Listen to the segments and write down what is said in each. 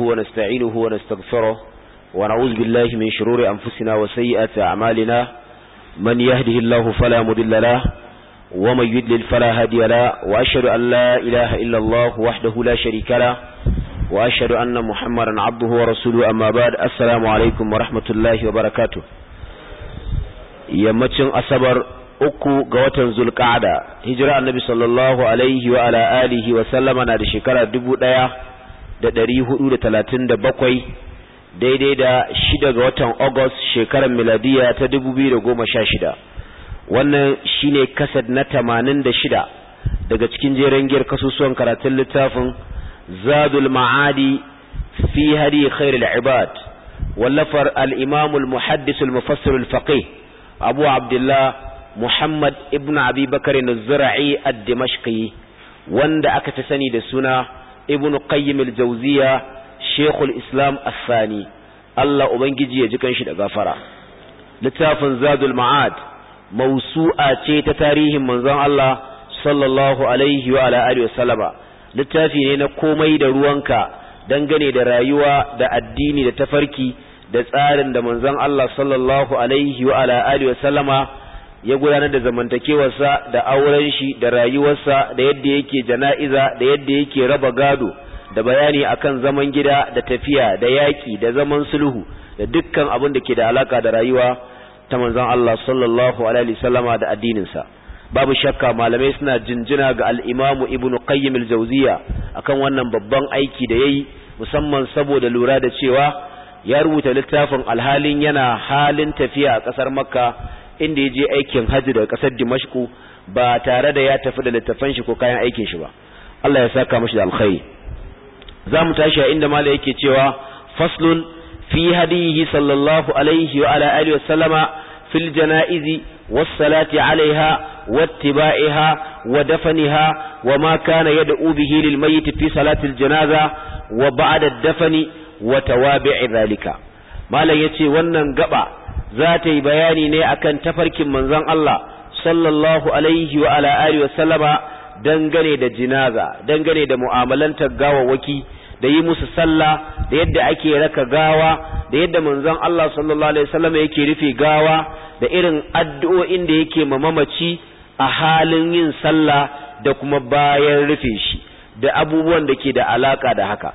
ونستعينه ونستغفره ونعوذ بالله من شرور أنفسنا وسيئات أعمالنا من يهده الله فلا مضل له ومن يدلل فلا هادي له وأشهد أن لا إله إلا الله وحده لا شريك له وأشهد أن محمدا عبده ورسوله أما بعد السلام عليكم ورحمة الله وبركاته يمتن أصبر uku ga watan zulƙada hijira annabi sallallahu alaihi wa ala alihi wa sallama na da shekara dubu ɗaya da ɗari hudu da talatin da bakwai daidai da shida ga watan August shekarar miladiya ta dubu biyu da goma sha shida wannan shine kasad na tamanin da shida daga cikin jeren giyar kasusuwan karatun littafin zadul ma'adi fi hadi ibad wallafar al-imam al-muhaddis al-mufassir al-faqih abu abdullah muhammad ibn abi bakr az-zura'i ad-dimashqi wanda aka ta sani da suna ibn qayyim al-jawziya shaykhul islam as-sani Allah ubangiji ya ji kanshi da gafara littafin zadul ma'ad mawsu'a ce ta tarihin manzon Allah sallallahu alaihi wa ala alihi wasallama littafi ne na komai da ruwanka dangane da rayuwa da addini da tafarki da tsarin da manzon Allah sallallahu alaihi wa ala alihi wasallama ya gudanar da zamantakewarsa da auren shi da rayuwarsa da yadda yake jana'iza da yadda yake raba gado da bayani akan zaman gida da tafiya da yaƙi da zaman sulhu da dukkan abin da ke da alaka da rayuwa ta manzon Allah sallallahu alaihi wasallama da addininsa babu shakka malamai suna jinjina ga al-Imam Ibn Qayyim al-Jawziyya akan wannan babban aiki da yayi musamman saboda lura da cewa ya rubuta littafin alhalin yana halin tafiya a kasar Makka inda ya je aikin hajji daga ƙasar dimashku ba tare da ya tafi da littafan shi ko kayan aikin shi ba Allah ya saka mashi da alkhairi za mu tashi a inda mala yake cewa faslun fi hadihi sallallahu alaihi wa ala alihi wasallama fil janaizi was alaiha wattiba'iha wa dafaniha wa ma kana yad'u bihi lil mayyit fi salati al janaza wa ba'da ad dafani wa tawabi'i dhalika malam yace wannan gaba za ta yi bayani ne akan tafarkin manzon Allah sallallahu alaihi wa ala alihi wa sallama dangane da jinaza dangane da mu'amalantar gawawaki da yi musu sallah da yadda ake raka gawa da yadda manzon Allah sallallahu alaihi wasallam yake rufe gawa da irin addu'o'in da yake ma mamaci a halin yin sallah da kuma bayan rufe shi da abubuwan da ke da alaka da haka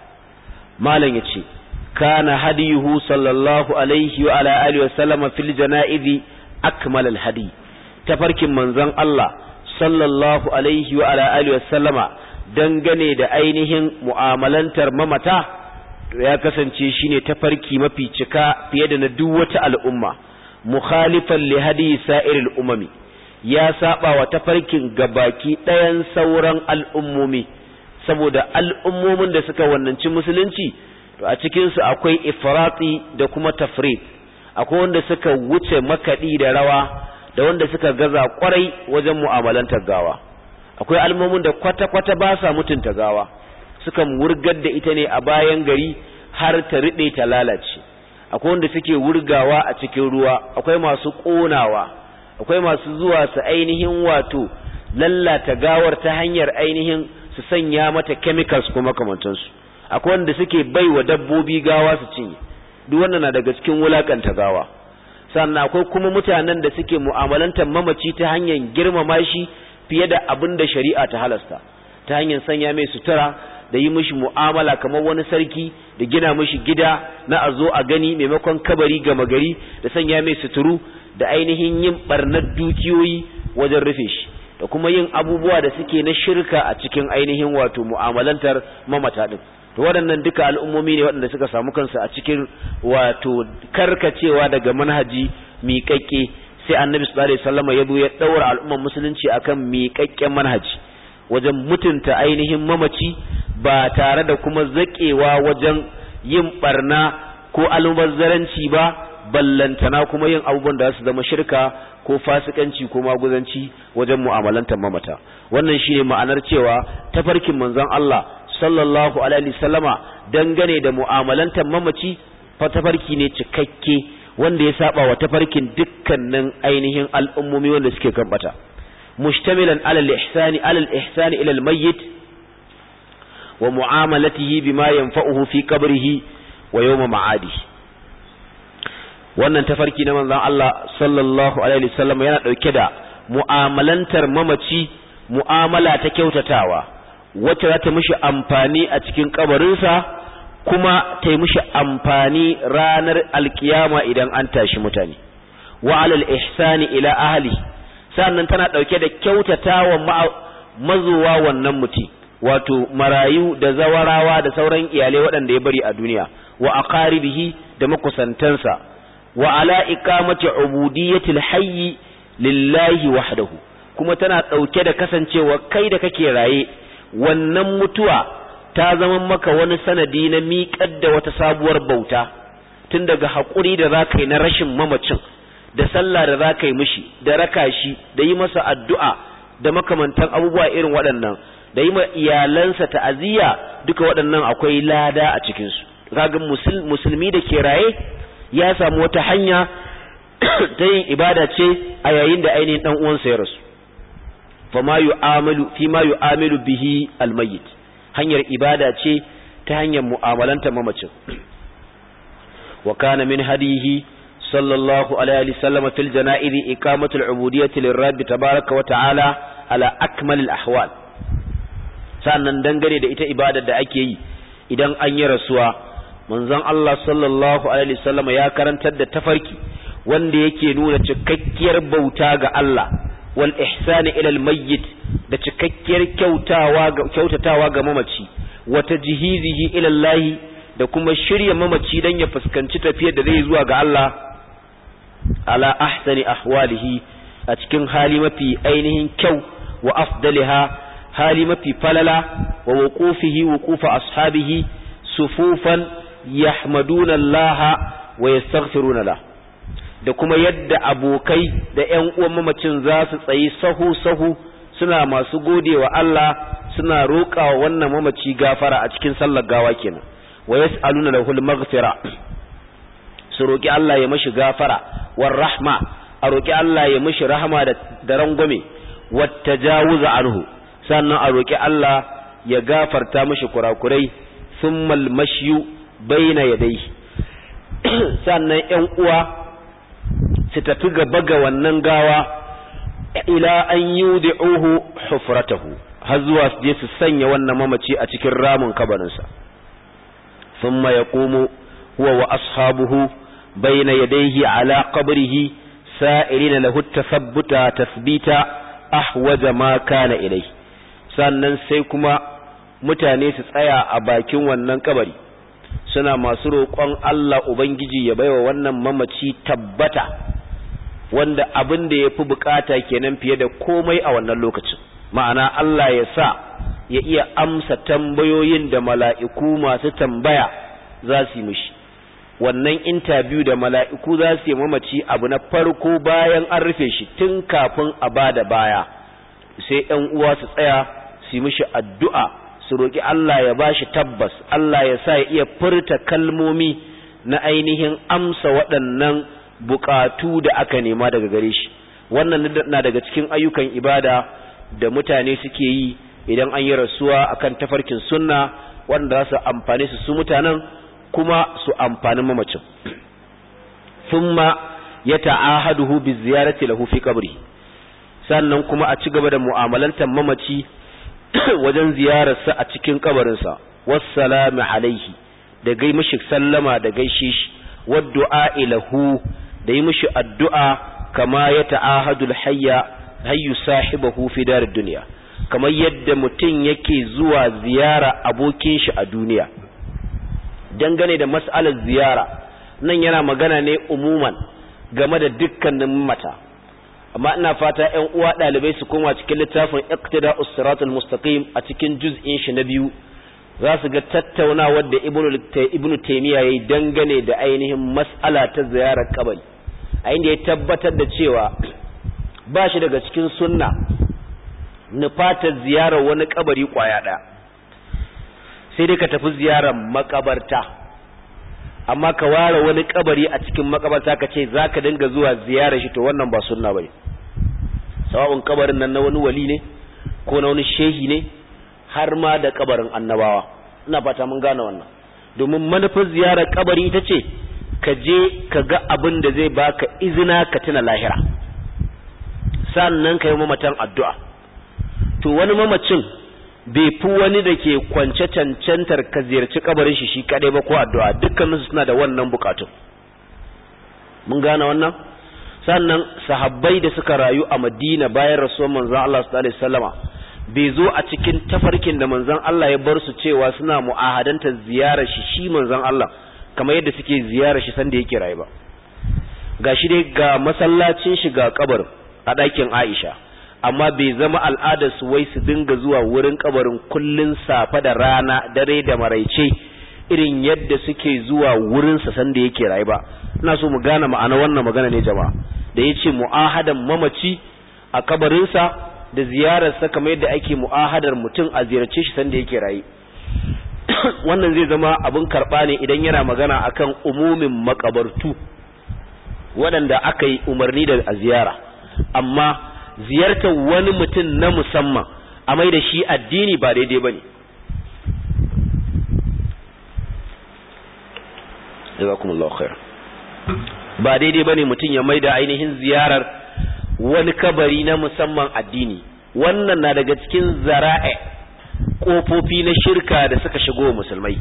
malam ya ce. كان هديه صلى الله عليه وعلى آله وسلم في الجنائز أكمل الهدي تفرك منزن الله صلى الله عليه وعلى آله وسلم dangane da ainihin mu'amalantar mamata ya kasance shine tafarki mafi cika fiye da na duk wata al'umma mukhalifan li hadi sa'iril umami ya saba wa tafarkin gabaki ɗayan sauran al'ummomi saboda al'ummomin da suka wannanci musulunci to a cikinsu akwai ifrati da kuma tafrit akwai wanda suka wuce makaɗi da rawa da wanda suka gaza kwarai wajen mu'amalantar gawa akwai almomin da kwata-kwata ba sa mutunta gawa sukan wurgar da ita ne a bayan gari har ta riɗe ta lalace akwai wanda suke wurgawa a cikin ruwa akwai masu ƙonawa akwai masu zuwa su ainihin wato lallata gawar ta hanyar ainihin su sanya mata chemicals kuma kamantansu akwai wanda suke bai wa dabbobi gawa su cinye duk wannan na daga cikin wulakanta gawa sannan akwai kuma mutanen da suke mu'amalantar mamaci ta hanyar girmama shi fiye da abin da shari'a ta halasta ta hanyar sanya mai sutura da yi mishi mu'amala kamar wani sarki da gina mishi gida na a zo a gani maimakon kabari gama gari da sanya mai suturu da ainihin yin barnar dukiyoyi wajen rufe shi da kuma yin abubuwa da suke na shirka a cikin ainihin wato mu'amalantar mamata din to waɗannan duka al'ummomi ne waɗanda suka samu kansu a cikin wato karkacewa daga manhaji miƙaƙƙe sai annabi sallallahu alaihi wasallam ya ya daura al'umman musulunci akan miƙaƙƙen manhaji wajen mutunta ainihin mamaci ba tare da kuma zaƙewa wajen yin barna ko almubazzaranci ba ballantana kuma yin abubuwan da su zama shirka ko fasikanci ko maguzanci wajen mu'amalantar mamata wannan shine ma'anar cewa tafarkin manzon Allah sallallahu alaihi wasallama dangane da mu'amalantar mamaci tafarki ne cikakke wanda ya saba wa tafarkin dukkanin ainihin al'ummomi wanda suke gabata mushtamilan alal ihsani alal ihsani ila al mayyit wa mu'amalatihi bima yanfa'uhu fi qabrihi wa yawm ma'adi wannan tafarki na manzon Allah sallallahu alaihi wasallam yana dauke da mu'amalantar mamaci mu'amala ta kyautatawa wacce za ta mishi amfani a cikin kabarinsa kuma ta yi mishi amfani ranar alkiyama idan an tashi mutane wa alal ihsani ila ahli sannan tana dauke da kyautatawa mazuwa wannan mutum wato marayu da zawarawa da sauran iyalai waɗanda ya bari a duniya wa aqaribihi da makusantansa wa ala iqamati ubudiyatil hayyi lillahi wahdahu kuma tana dauke da kasancewa kai da kake raye wannan mutuwa ta zama maka wani sanadi na miƙar da wata sabuwar bauta tun daga haƙuri da za ka yi na rashin mamacin da sallah da za ka yi mishi da raka shi da yi masa addu'a da makamantan abubuwa irin waɗannan da yi ma iyalansa ta'aziyya duka waɗannan akwai lada a cikinsu ragin musulmi da ke raye ya samu wata hanya ta yin ibada ce a yayin da ainihin ɗan uwansa ya rasu fama yu'amalu fima yu'amilu bihi almayyit hanyar ibada ce ta hanyar mu'amalanta mamacin wa kana min hadihi sallallahu alaihi wa sallam fil janaiz iqamatu al-ubudiyyah lirabbi tabaaraka wa ta'ala ala akmal al-ahwal sannan dangane da ita ibadar da ake yi idan an yi rasuwa manzon Allah sallallahu alaihi wa sallam ya karantar da tafarki wanda yake nuna cikakkiyar bauta ga Allah wal ihsani ila al mayyit da cikakkiyar kyautawa ga kyautatawa ga mamaci wa tajhizihi ila Allah da kuma shirya mamaci dan ya fuskanci tafiyar da zai zuwa ga Allah ala ahsani ahwalihi a cikin hali mafi ainihin kyau wa afdaliha hali mafi falala wa wuqufihi wuqufa ashabihi sufufan yahmaduna Allah wa yastaghfiruna lahu da kuma yadda abokai da 'yan uwan mamacin za su tsayi sahu sahu suna masu godewa Allah suna roƙa wannan mamaci gafara a cikin sallar gawa kenan wa yas'aluna lahul maghfira su roƙi Allah ya mashi gafara war rahma a roƙi Allah ya mashi rahama da rangwame wata tajawuza anhu sannan a roƙi Allah ya gafarta mashi kurakurai thummal mashyu ya yadayhi sannan 'yan uwa su tafi gaba ga wannan gawa ila an uhu hufratahu har zuwa su je su sanya wannan mamaci a cikin ramin kabarinsa thumma yaqumu huwa wa ashabuhu na yadaihi ala qabrihi sa'irina lahu tasbita a ahwaja ma kana ilai sannan sai kuma mutane su tsaya a bakin wannan kabari suna masu roƙon Allah Ubangiji ya baiwa wannan mamaci tabbata wanda abin da ya fi bukata kenan fiye da komai a wannan lokacin ma'ana Allah ya sa ya iya amsa tambayoyin da mala'iku masu tambaya za su yi mishi wannan intabiyu da mala'iku za su yi mamaci abu na farko bayan an rufe shi tun kafin a ba da baya sai ‘yan uwa su tsaya su yi mushi addu'a su roƙi Allah ya bashi tabbas Allah ya sa ya iya furta kalmomi na ainihin amsa waɗannan buƙatu da aka nema daga gare shi wannan na daga cikin ayyukan ibada da mutane suke yi idan an yi rasuwa akan tafarkin sunna wanda za su amfane su su mutanen kuma su amfani mamacin thumma yata'ahaduhu bi ziyarati lahu fi qabri sannan kuma a ci gaba da mu'amalantar mamaci wajen ziyararsa a cikin kabarinsa wassalamu alaihi da gai mishi sallama da gaishe shi waddu'a ilahu da yi mushi addu'a kama ya ta'ahadul hayya hayyu sahibahu fi da duniya, kamar yadda mutum yake zuwa ziyara abokin shi a duniya dangane da mas'alar ziyara nan yana magana ne umuman game da dukkanin mata amma ina fata ƴan uwa ɗalibai su koma cikin littafin iqtida usratul mustaqim a cikin juz'in shi na biyu za su ga tattaunawar da ibnu ibnu taymiya yayi dangane da ainihin mas'ala ta ziyarar kabari a inda ya tabbatar da cewa ba shi daga cikin sunna nufatar ziyarar wani kabari kwaya ɗaya sai dai ka tafi ziyarar makabarta amma ka ware wani kabari a cikin makabarta ka ce za ka dinga zuwa ziyarar shi to wannan ba sunna bane sawabin kabarin nan na wani wali ne ko na wani shehi ne har ma da kabarin annabawa ina fata mun gane wannan domin manufar ziyarar kabari ita ce ka je ka ga abin da zai baka izina ka tuna lahira sannan ka yi mamatan addu'a to wani mamacin bai fi wani da ke kwance cancantar ka ziyarci kabarin shi shi kadai ba ko addu'a dukkaninsu suna da wannan bukatun mun gane wannan sannan sahabbai da suka rayu a Madina bayan rasuwar Manzan Allah su alaihi salama bai zo a cikin tafarkin da Manzan Allah ya bar su cewa suna mu'ahadanta ziyarar shi shi manzan Allah kamar yadda suke ziyarar shi sanda yake rayu ba shi dai ga masallacin shi ga kabar a ɗakin Aisha amma bai zama al'adar su wai su dinga zuwa wurin kabarin kullun safe da rana dare da maraice irin yadda suke zuwa wurinsa sanda yake rayu ba ina so mu gane ma'ana wannan magana ne jama'a da ya ce mu'ahadan mamaci a kabarinsa da ziyararsa kamar yadda ake mu'ahadar mutum a ziyarce shi sanda yake rayu wannan zai zama abin karɓa ne idan yana magana akan umumin makabartu waɗanda aka yi umarni da a ziyara amma ziyartar wani mutum na musamman a mai da shi addini ba daidai ba ne jazakumullahu khair ba daidai bane mutum ya maida ainihin ziyarar wani kabari na musamman addini wannan na daga cikin zara'a kofofi na shirka da suka shigo musulmai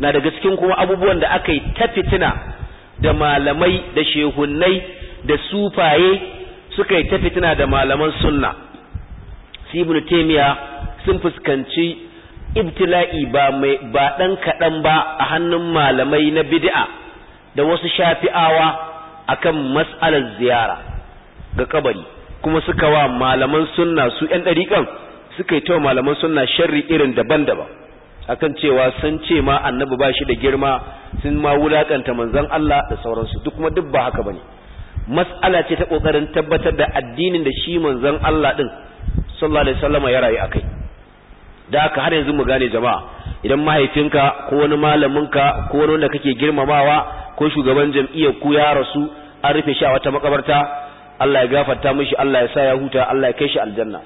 na daga cikin kuma abubuwan da aka yi ta fitina da malamai da shehunnai da sufaye suka yi ta fitina da malaman sunna su sun fuskanci ibtila'i ba mai ba dan kaɗan ba a hannun malamai na bid'a da wasu shafi'awa akan mas'alar ziyara ga kabari kuma suka wa malaman sunna su yan ɗariƙan suka yi tawa malaman sunna sharri irin daban-daban akan cewa sun ce ma annabi ba shi da girma sun ma wulakanta manzon Allah da sauransu duk kuma duk ba haka bane mas'ala ce ta kokarin tabbatar da addinin da shi manzon Allah din sallallahu alaihi wasallama ya rayu akai da haka har yanzu mu gane jama'a idan mahaifinka ko wani malaminka ko wani wanda kake girmamawa ko shugaban jam'iyyar ku ya rasu an rufe shi a wata makabarta Allah ya gafarta mishi Allah ya sa ya huta Allah ya kai shi aljanna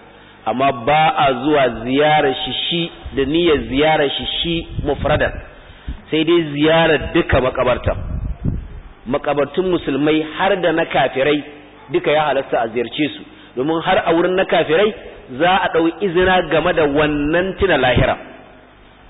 amma ba a zuwa ziyarar shi shi da niyyar ziyarar shi shi mufradan sai dai ziyarar duka makabarta makabartun musulmai har da na kafirai duka ya halasta a ziyarce su domin har a wurin na kafirai za a ɗau izina game da wannan tuna lahira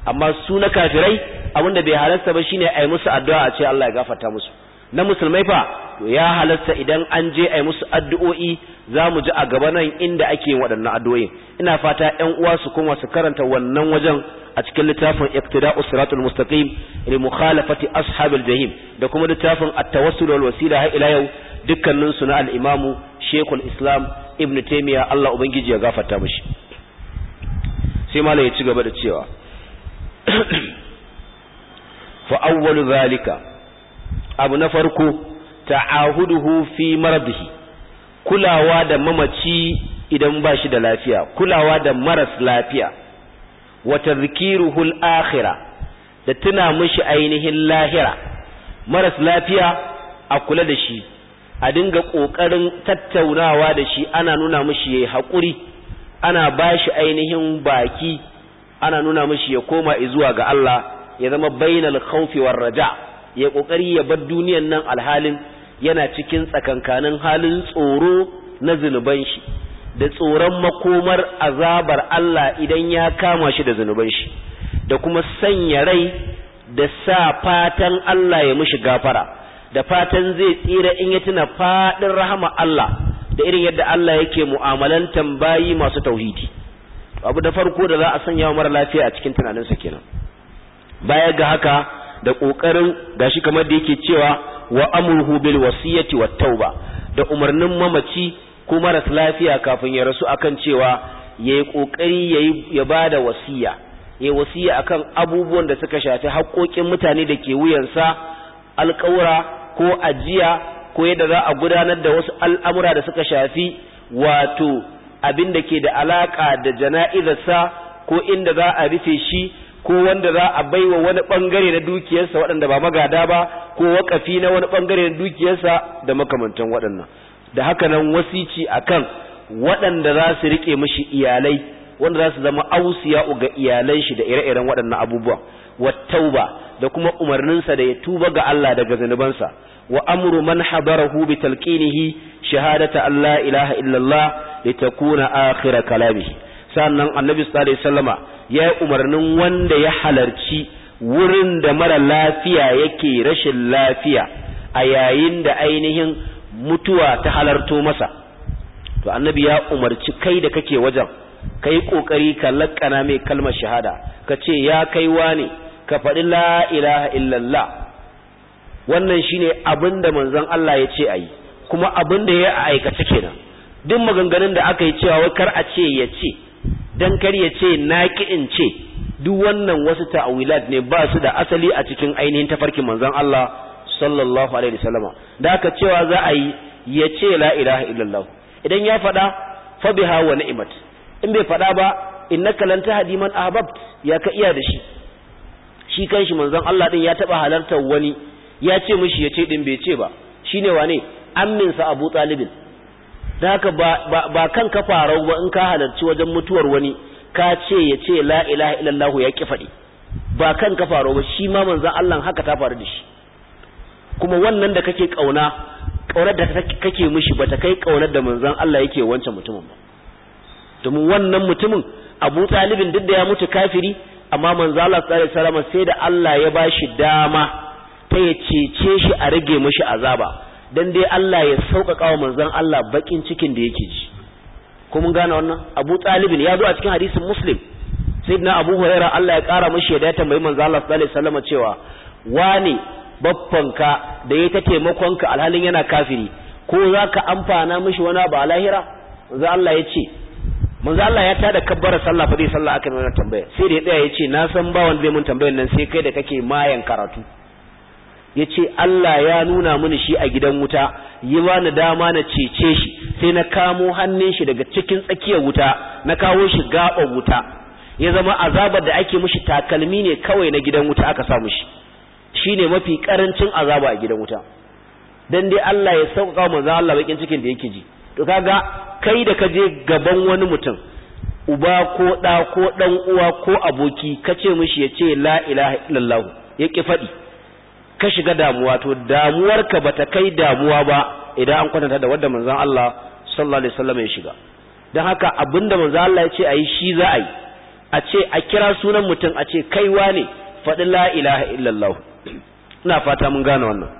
amma su na kafirai abinda bai halasta ba shine a yi musu addu'a a ce Allah ya gafarta musu na musulmai fa to ya halasta idan an je a yi musu addu'o'i za mu ji a gaba nan inda ake yin waɗannan addu'o'in ina fata ƴan uwa su kuma su karanta wannan wajen a cikin littafin iqtida'u siratul mustaqim li mukhalafati ashabil jahim da kuma littafin at-tawassul wal wasila har ila yau dukkanin su na al-imamu shaykhul islam ibn taymiya Allah ubangiji ya gafarta mishi sai malai ya ci gaba da cewa fa awwalu zalika abu na farko ta'ahuduhu fi maradihi kulawa da mamaci idan ba shi da lafiya kulawa da maras lafiya wa tadhkiruhu al akhira da tuna mishi ainihin lahira maras lafiya a kula da shi a dinga ƙoƙarin tattaunawa da shi ana nuna mishi yayi haƙuri, ana bashi ainihin baki ana nuna mishi ya koma zuwa ga Allah ya zama bainal khawfi war raja ya kokari ya bar duniyan nan alhalin yana cikin tsakankanin halin tsoro na zunuban shi da tsoron makomar azabar Allah idan ya kama shi da zunuban shi da kuma sanya rai da sa fatan Allah ya mishi gafara da fatan zai tsira in ya tuna faɗin rahama Allah da irin yadda Allah yake mu'amalantan bayi masu tauhidi abu da farko da za a sanya mara lafiya a cikin tunaninsa kenan baya ga haka da kokarin gashi kamar da yake cewa wa amruhu bil wasiyati wat tauba da umarnin mamaci ko maras lafiya kafin ya rasu akan cewa yayi kokari yayi ya bada wasiya yayi wasiya akan abubuwan da suka shafi haƙoƙin mutane da ke wuyansa alƙawura ko ajiya ko yadda za a gudanar da wasu al'amura da suka shafi wato abin da ke da alaƙa da jana'izarsa ko inda za a rufe shi ko wanda za a baiwa wani ɓangare na dukiyarsa waɗanda ba magada ba ko wakafi na wani ɓangare na dukiyarsa da makamantan waɗannan da haka nan wasici akan waɗanda za su riƙe mashi iyalai wanda za su zama ausiya ga iyalan shi da ire-iren waɗannan abubuwa wattauba da kuma umarninsa da ya tuba ga Allah daga zanubansa wa amru man hadarahu bi talqinihi shahadata alla ilaha illallah litakuna akhir kalamihi sannan annabi sallallahu alaihi wasallama ya umarnin wanda ya halarci wurin da mara lafiya yake rashin lafiya a yayin da ainihin mutuwa ta halarto masa to annabi ya umarci kai da kake wajen kai kokari ka lakkana mai kalmar shahada ka ce ya kaiwa ne ka faɗi la ilaha illallah wannan shine abin da manzon Allah ya ce a yi kuma abin da ya aikace kenan duk maganganun da aka yi cewa wai kar a ce ya ce dan kar ya ce na ki in ce duk wannan wasu ta'awilat ne ba su da asali a cikin ainihin tafarkin manzon Allah sallallahu alaihi wasallam da aka cewa za a yi ya ce la ilaha illallah idan ya faɗa fa biha wa ni'mat in bai faɗa ba innaka lan tahdi man ahbabt ya ka iya da shi shi kanshi manzon Allah din ya taba halarta wani ya ce mishi ya ce din bai ce ba shine wane ammin sa Abu Talib da haka ba kan ka farau ba in ka halarci wajen mutuwar wani ka ce ya ce la ilaha illallah ya ki faɗi ba kan ka farau ba shi ma manzon Allah haka ta faru da shi kuma wannan da kake kauna kaunar da kake mishi ta kai kaunar da manzon Allah yake wancan mutumin ba domin wannan mutumin Abu Talibin duk da ya mutu kafiri amma manzo Allah sallallahu alaihi wasallam sai da Allah ya bashi dama ta ya cece shi a rage mishi azaba dan dai Allah ya sauƙaƙa wa manzon Allah bakin cikin da yake ji ko mun gane wannan Abu Talib ya zo a cikin hadisin Muslim sayyidina Abu Hurairah Allah ya ƙara mishi ya da tambayi manzo Allah sallallahu alaihi wasallam cewa wani baffanka da ya ta taimakonka alhalin yana kafiri ko zaka amfana mishi wani abu a lahira za Allah ya ce manzo Allah ya tada kabbara sallah fa dai sallah aka mai tambaya sai da ya tsaya yace na san ba wanda zai mun tambayar nan sai kai da kake mayan karatu yace Allah ya nuna mini shi a gidan wuta yi ni dama na cece shi sai na kamo hannun shi daga cikin tsakiyar wuta na kawo shi gaban wuta ya zama azabar da ake mushi takalmi ne kawai na gidan wuta aka sa shi shine mafi karancin azaba a gidan wuta dan dai Allah ya sauka manzo Allah bakin cikin da yake ji to kaga kai da kaje gaban wani mutum uba ko ɗa ko ɗan uwa ko aboki ka ce mishi ya ce la ilaha illallah ya ki faɗi ka shiga damuwa to damuwarka bata kai damuwa ba idan an kwatanta da wanda manzon Allah sallallahu alaihi wasallam ya shiga don haka abinda manzan Allah ya ce ayi shi za a yi a ce a kira sunan mutum a ce kaiwa ne faɗi la ilaha illallah ina fata mun gane wannan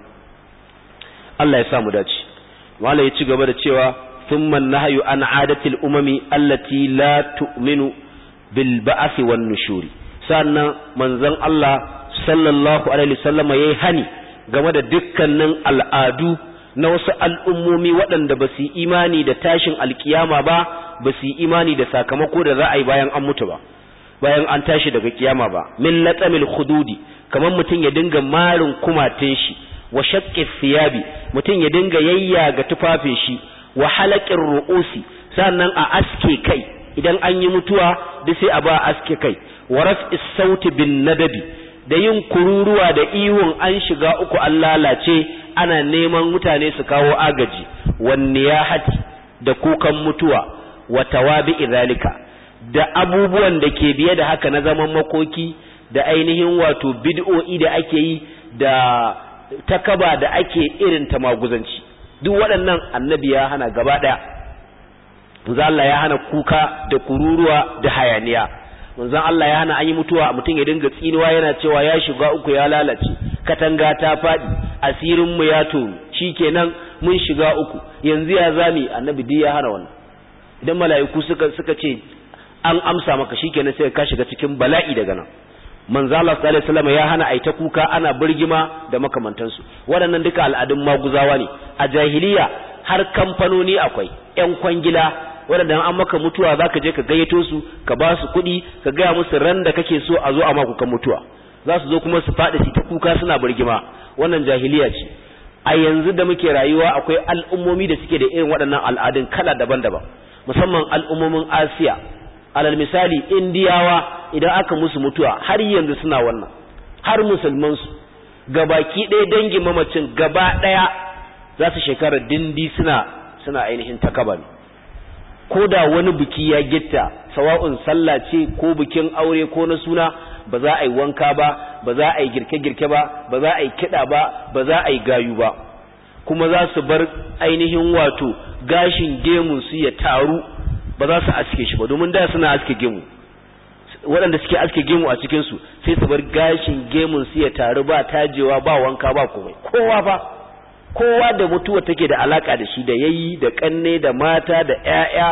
Allah ya sa mu dace malai ya ci gaba da cewa ثم النهي عن عادة الأمم التي لا تؤمن بالبعث والنشور سألنا منزل الله صلى الله عليه وسلم يهني game da dukkanin al'adu na wasu al'ummomi waɗanda ba su yi imani da tashin alkiyama ba ba su yi imani da sakamako da za a yi bayan an mutu ba bayan an tashi daga kiyama ba min latsamil hududi kamar mutum ya dinga marin kumatin shi wa shaqqi siyabi mutum ya dinga yayya ga tufafin shi wa halaqir ru'usi sannan a aske kai idan an yi mutuwa duk sai a ba aske kai wa raf'is sauti bin nadabi da yin kururuwa da iwon an shiga uku an lalace ana neman mutane su kawo agaji ya hati da kukan mutuwa wa tawabi zalika da abubuwan da ke biye da haka na zaman makoki da ainihin wato bid'o'i da ake yi da takaba da ake irin ta maguzanci duk waɗannan annabi ya hana gaba ɗaya Allah ya hana kuka da kururuwa da hayaniya manzo Allah ya hana an yi mutuwa mutum ya dinga tsinuwa yana cewa ya shiga uku ya lalace katanga ta faɗi asirin mu ya shi shikenan mun shiga uku yanzu ya zami annabi dai ya hana wannan idan mala'iku suka suka ce an amsa maka shikenan sai ka shiga cikin bala'i daga nan manzalar Allah sallallahu alaihi wasallam ya hana aita kuka ana birgima da makamantansu waɗannan duka al'adun maguzawa ne a jahiliya har kamfanoni akwai yan kwangila waɗanda an maka mutuwa zaka je ka gayyato su ka ba su kuɗi ka gaya musu ran da kake so a zo a maku kan mutuwa za su zo kuma su faɗi su ta kuka suna birgima wannan jahiliya ce a yanzu da muke rayuwa akwai al'ummomi da suke da irin waɗannan al'adun kala daban-daban musamman al'ummomin Asiya alal misali indiyawa idan aka musu mutuwa har yanzu suna wannan har musulmansu gabaki ɗaya dangin mamacin gaba ɗaya za su shekara dindi suna suna ainihin takaba ne ko da wani biki ya gitta sawa'un sallah ce ko bikin aure ko na suna ba za a yi wanka ba ba za a yi girke-girke ba ba za a yi kiɗa ba ba za a yi gayu ba kuma za su bar ainihin wato gashin gemun su ya taru ba za su aske shi ba domin da suna aske gemu waɗanda suke aske gemu a cikinsu sai su bar gashin gemun su ya taru ba tajewa ba wanka ba komai kowa ba kowa da mutuwa take da alaka da shi da yayi da kanne da mata da ƴaƴa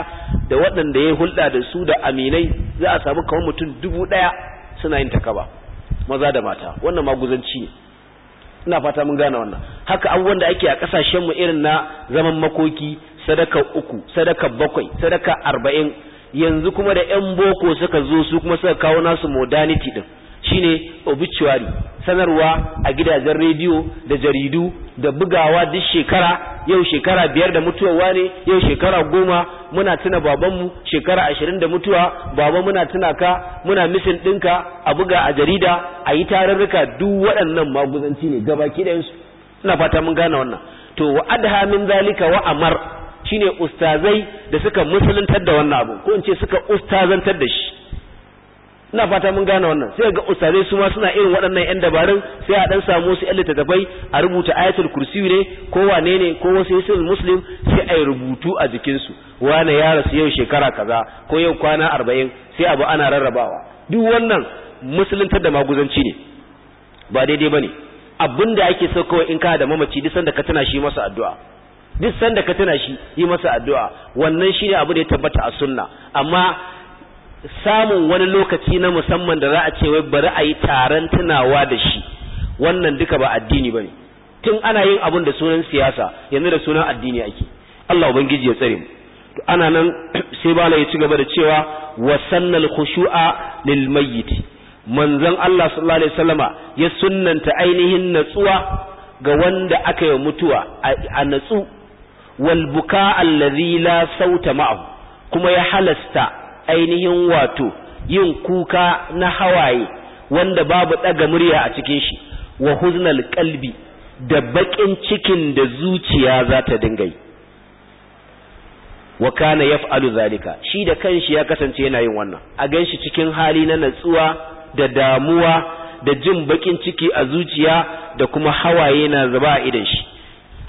da waɗanda ya hulɗa da su da aminai za a samu kamar mutum dubu ɗaya suna yin takaba maza da mata wannan maguzanci ne ina fata mun gane wannan haka abubuwan da ake a kasashen mu irin na zaman makoki sadaka uku sadaka bakwai sadaka arba'in yanzu kuma da yan boko suka zo su kuma suka kawo nasu modernity din shine obituary sanarwa a gidajen rediyo da jaridu da bugawa duk shekara yau shekara biyar da mutuwa ne yau shekara goma muna tuna babanmu shekara ashirin da mutuwa baba muna tuna ka muna misin ɗinka a buga a jarida a yi tarurruka duk waɗannan maguzanci ne gaba ɗayansu ina fata mun gane wannan to wa adha min zalika wa amar shine ustazai da suka musuluntar da wannan abu ko in ce suka ustazantar da shi ina fata mun gane wannan sai ga ustazai su ma suna irin waɗannan yan dabarun sai a dan samu su yan littattafai a rubuta ayatul kursi ne ko wane ne ko wasu yasin muslim sai a rubutu a jikinsu wane ya rasu yau shekara kaza ko yau kwana arba'in sai abu ana rarrabawa duk wannan musuluntar da maguzanci ne ba daidai ba ne abin da ake so kawai in ka da mamaci duk sanda ka tana shi masa addu'a duk sanda ka tana shi yi masa addu'a wannan shi ne abu da ya tabbata a sunna amma samun wani lokaci na musamman da za a ce wai bari a yi taron tunawa da shi wannan duka ba addini ba ne tun ana yin abun da sunan siyasa yanzu da sunan addini ake Allah ubangiji ya tsare mu ana nan sai bala ya ci gaba da cewa wasannal khushu'a lil mayyit manzon Allah sallallahu alaihi wasallama ya sunnanta ainihin natsuwa ga wanda aka yi mutuwa a natsu wal buka allazi la sauta ma'ahu kuma ya halasta ainihin wato yin kuka na hawaye wanda babu daga murya a cikin shi wa huznal qalbi da bakin cikin da zuciya za ta dinga yi wa kana yaf'alu zalika shi da kanshi ya kasance yana yin wannan a ganshi cikin hali na natsuwa da damuwa da jin bakin ciki a zuciya da kuma hawaye na zuba a idan shi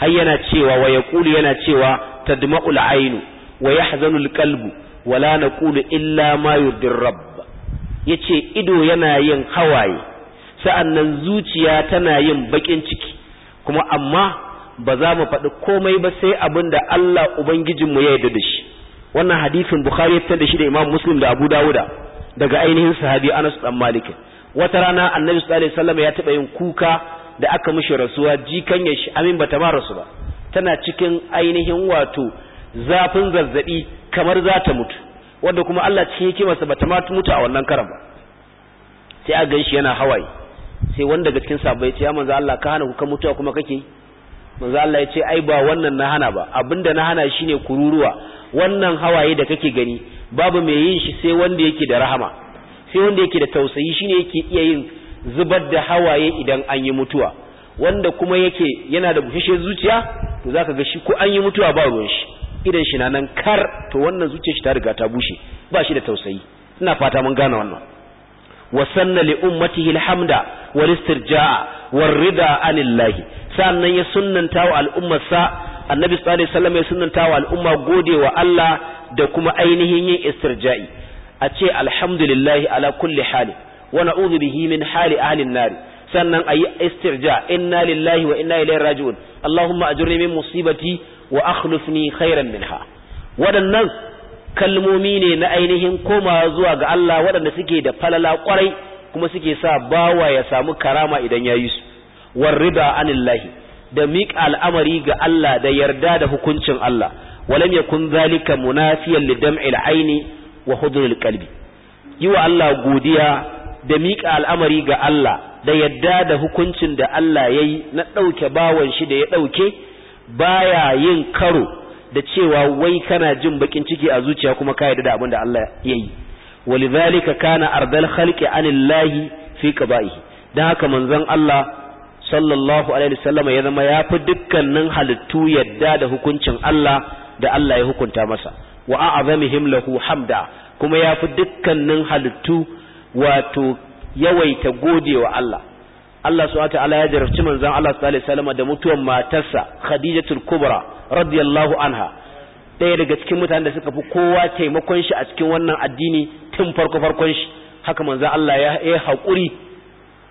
har yana cewa wa yaqulu yana cewa tadma'ul ainu wa yahzanu alqalbu wa la naqulu illa ma yudir rabb yace ido yana yin hawaye sa'annan zuciya tana yin bakin ciki kuma amma ba za mu faɗi komai ba sai abin da Allah ubangijinmu ya yarda da shi wannan hadisin bukhari ya da shi da imam muslim da abu dawuda daga ainihin sahabi anas dan malik wata rana annabi sallallahu alaihi wasallam ya taɓa yin kuka da aka mishi rasuwa jikan ya shi amin bata ma rasu ba tana cikin ainihin wato zafin zazzabi kamar za ta mutu wanda kuma Allah cikin hikimarsa bata ma mutu a wannan karan ba sai a ganshi yana hawaye sai wanda daga cikin sabai ya ce ya manzo Allah ka hana ku ka mutuwa kuma kake manzo Allah ya ce ai ba wannan na hana ba abinda na hana shine kururuwa wannan hawaye da kake gani babu mai yin shi sai wanda yake da rahama sai wanda yake da tausayi shine yake iya yin zubar da hawaye idan an yi mutuwa wanda kuma yake yana da bushe zuciya to za ga shi ko an yi mutuwa ba ruwan shi idan shi na nan kar to wannan zuciyar shi ta riga ta bushe ba shi da tausayi ina fata mun gane wannan wasanna li ummatihi alhamda wal istirja'a wal rida anillahi sannan ya sunnanta wa al'ummarsa annabi sallallahu alaihi wasallam ya sunnanta wa al'umma wa Allah da kuma ainihin yin istirja'i a ce alhamdulillahi ala kulli hali wa na'udhu bihi min hali ahli an-nar sannan ayi istirja inna lillahi wa inna ilaihi raji'un allahumma ajurni min musibati wa akhlifni khairan minha waɗannan kalmomi ne na ainihin komawa zuwa ga Allah waɗanda suke da falala kwarai kuma suke sa bawa ya samu karama idan ya yi su warrida anillahi da miƙa al'amari ga Allah da yarda da hukuncin Allah walam yakun zalika munafiyan lidam'il aini wa huduril qalbi yi wa Allah godiya da miƙa al'amari ga Allah da yadda da hukuncin da Allah ya yi na ɗauke bawan shi da ya ɗauke baya yin karo da cewa wai kana jin bakin ciki a zuciya kuma ka yadda da abin da Allah ya yi walidhalika kana ardal khalqi anillahi fi qaba'ihi dan haka manzon Allah sallallahu alaihi wasallam ya zama ya fi dukkanin halittu yadda da hukuncin Allah da Allah ya hukunta masa wa a'zamihim lahu hamda kuma ya fi dukkanin halittu wato yawaita godewa Allah Allah subhanahu ta'ala ya jarabci manzan. Allah sallallahu alaihi da mutuwar matarsa Khadijatul Kubra radiyallahu anha ɗaya daga cikin mutanen da suka fi kowa taimakon shi a cikin wannan addini tun farko farkon shi haka manzan Allah ya yi haƙuri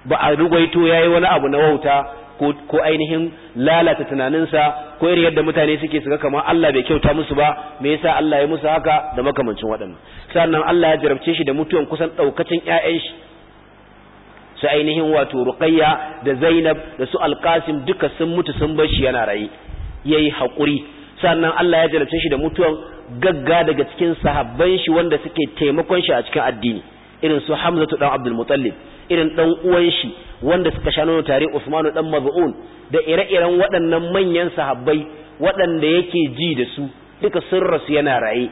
ba a ya yayi wani abu na wauta ko ainihin lalata tunaninsa ko irin yadda mutane suke suga kama Allah bai kyauta musu ba me yasa Allah ya musu haka da makamancin waɗannan sannan Allah ya jarabce shi da mutuwan kusan ɗaukacin ƴaƴan shi su ainihin wato Ruqayya da Zainab da su al Al-Qasim duka sun mutu sun bar shi yana raye yayi hakuri sannan Allah ya jarabce shi da mutuwan gagga daga cikin sahabban shi wanda suke taimakon shi a cikin addini irin su Hamzatu dan Abdul Muttalib irin dan uwan shi wanda suka sha tare Usmanu dan Maz'un da ire-iren waɗannan manyan sahabbai waɗanda yake ji da su duka sun rasu yana raye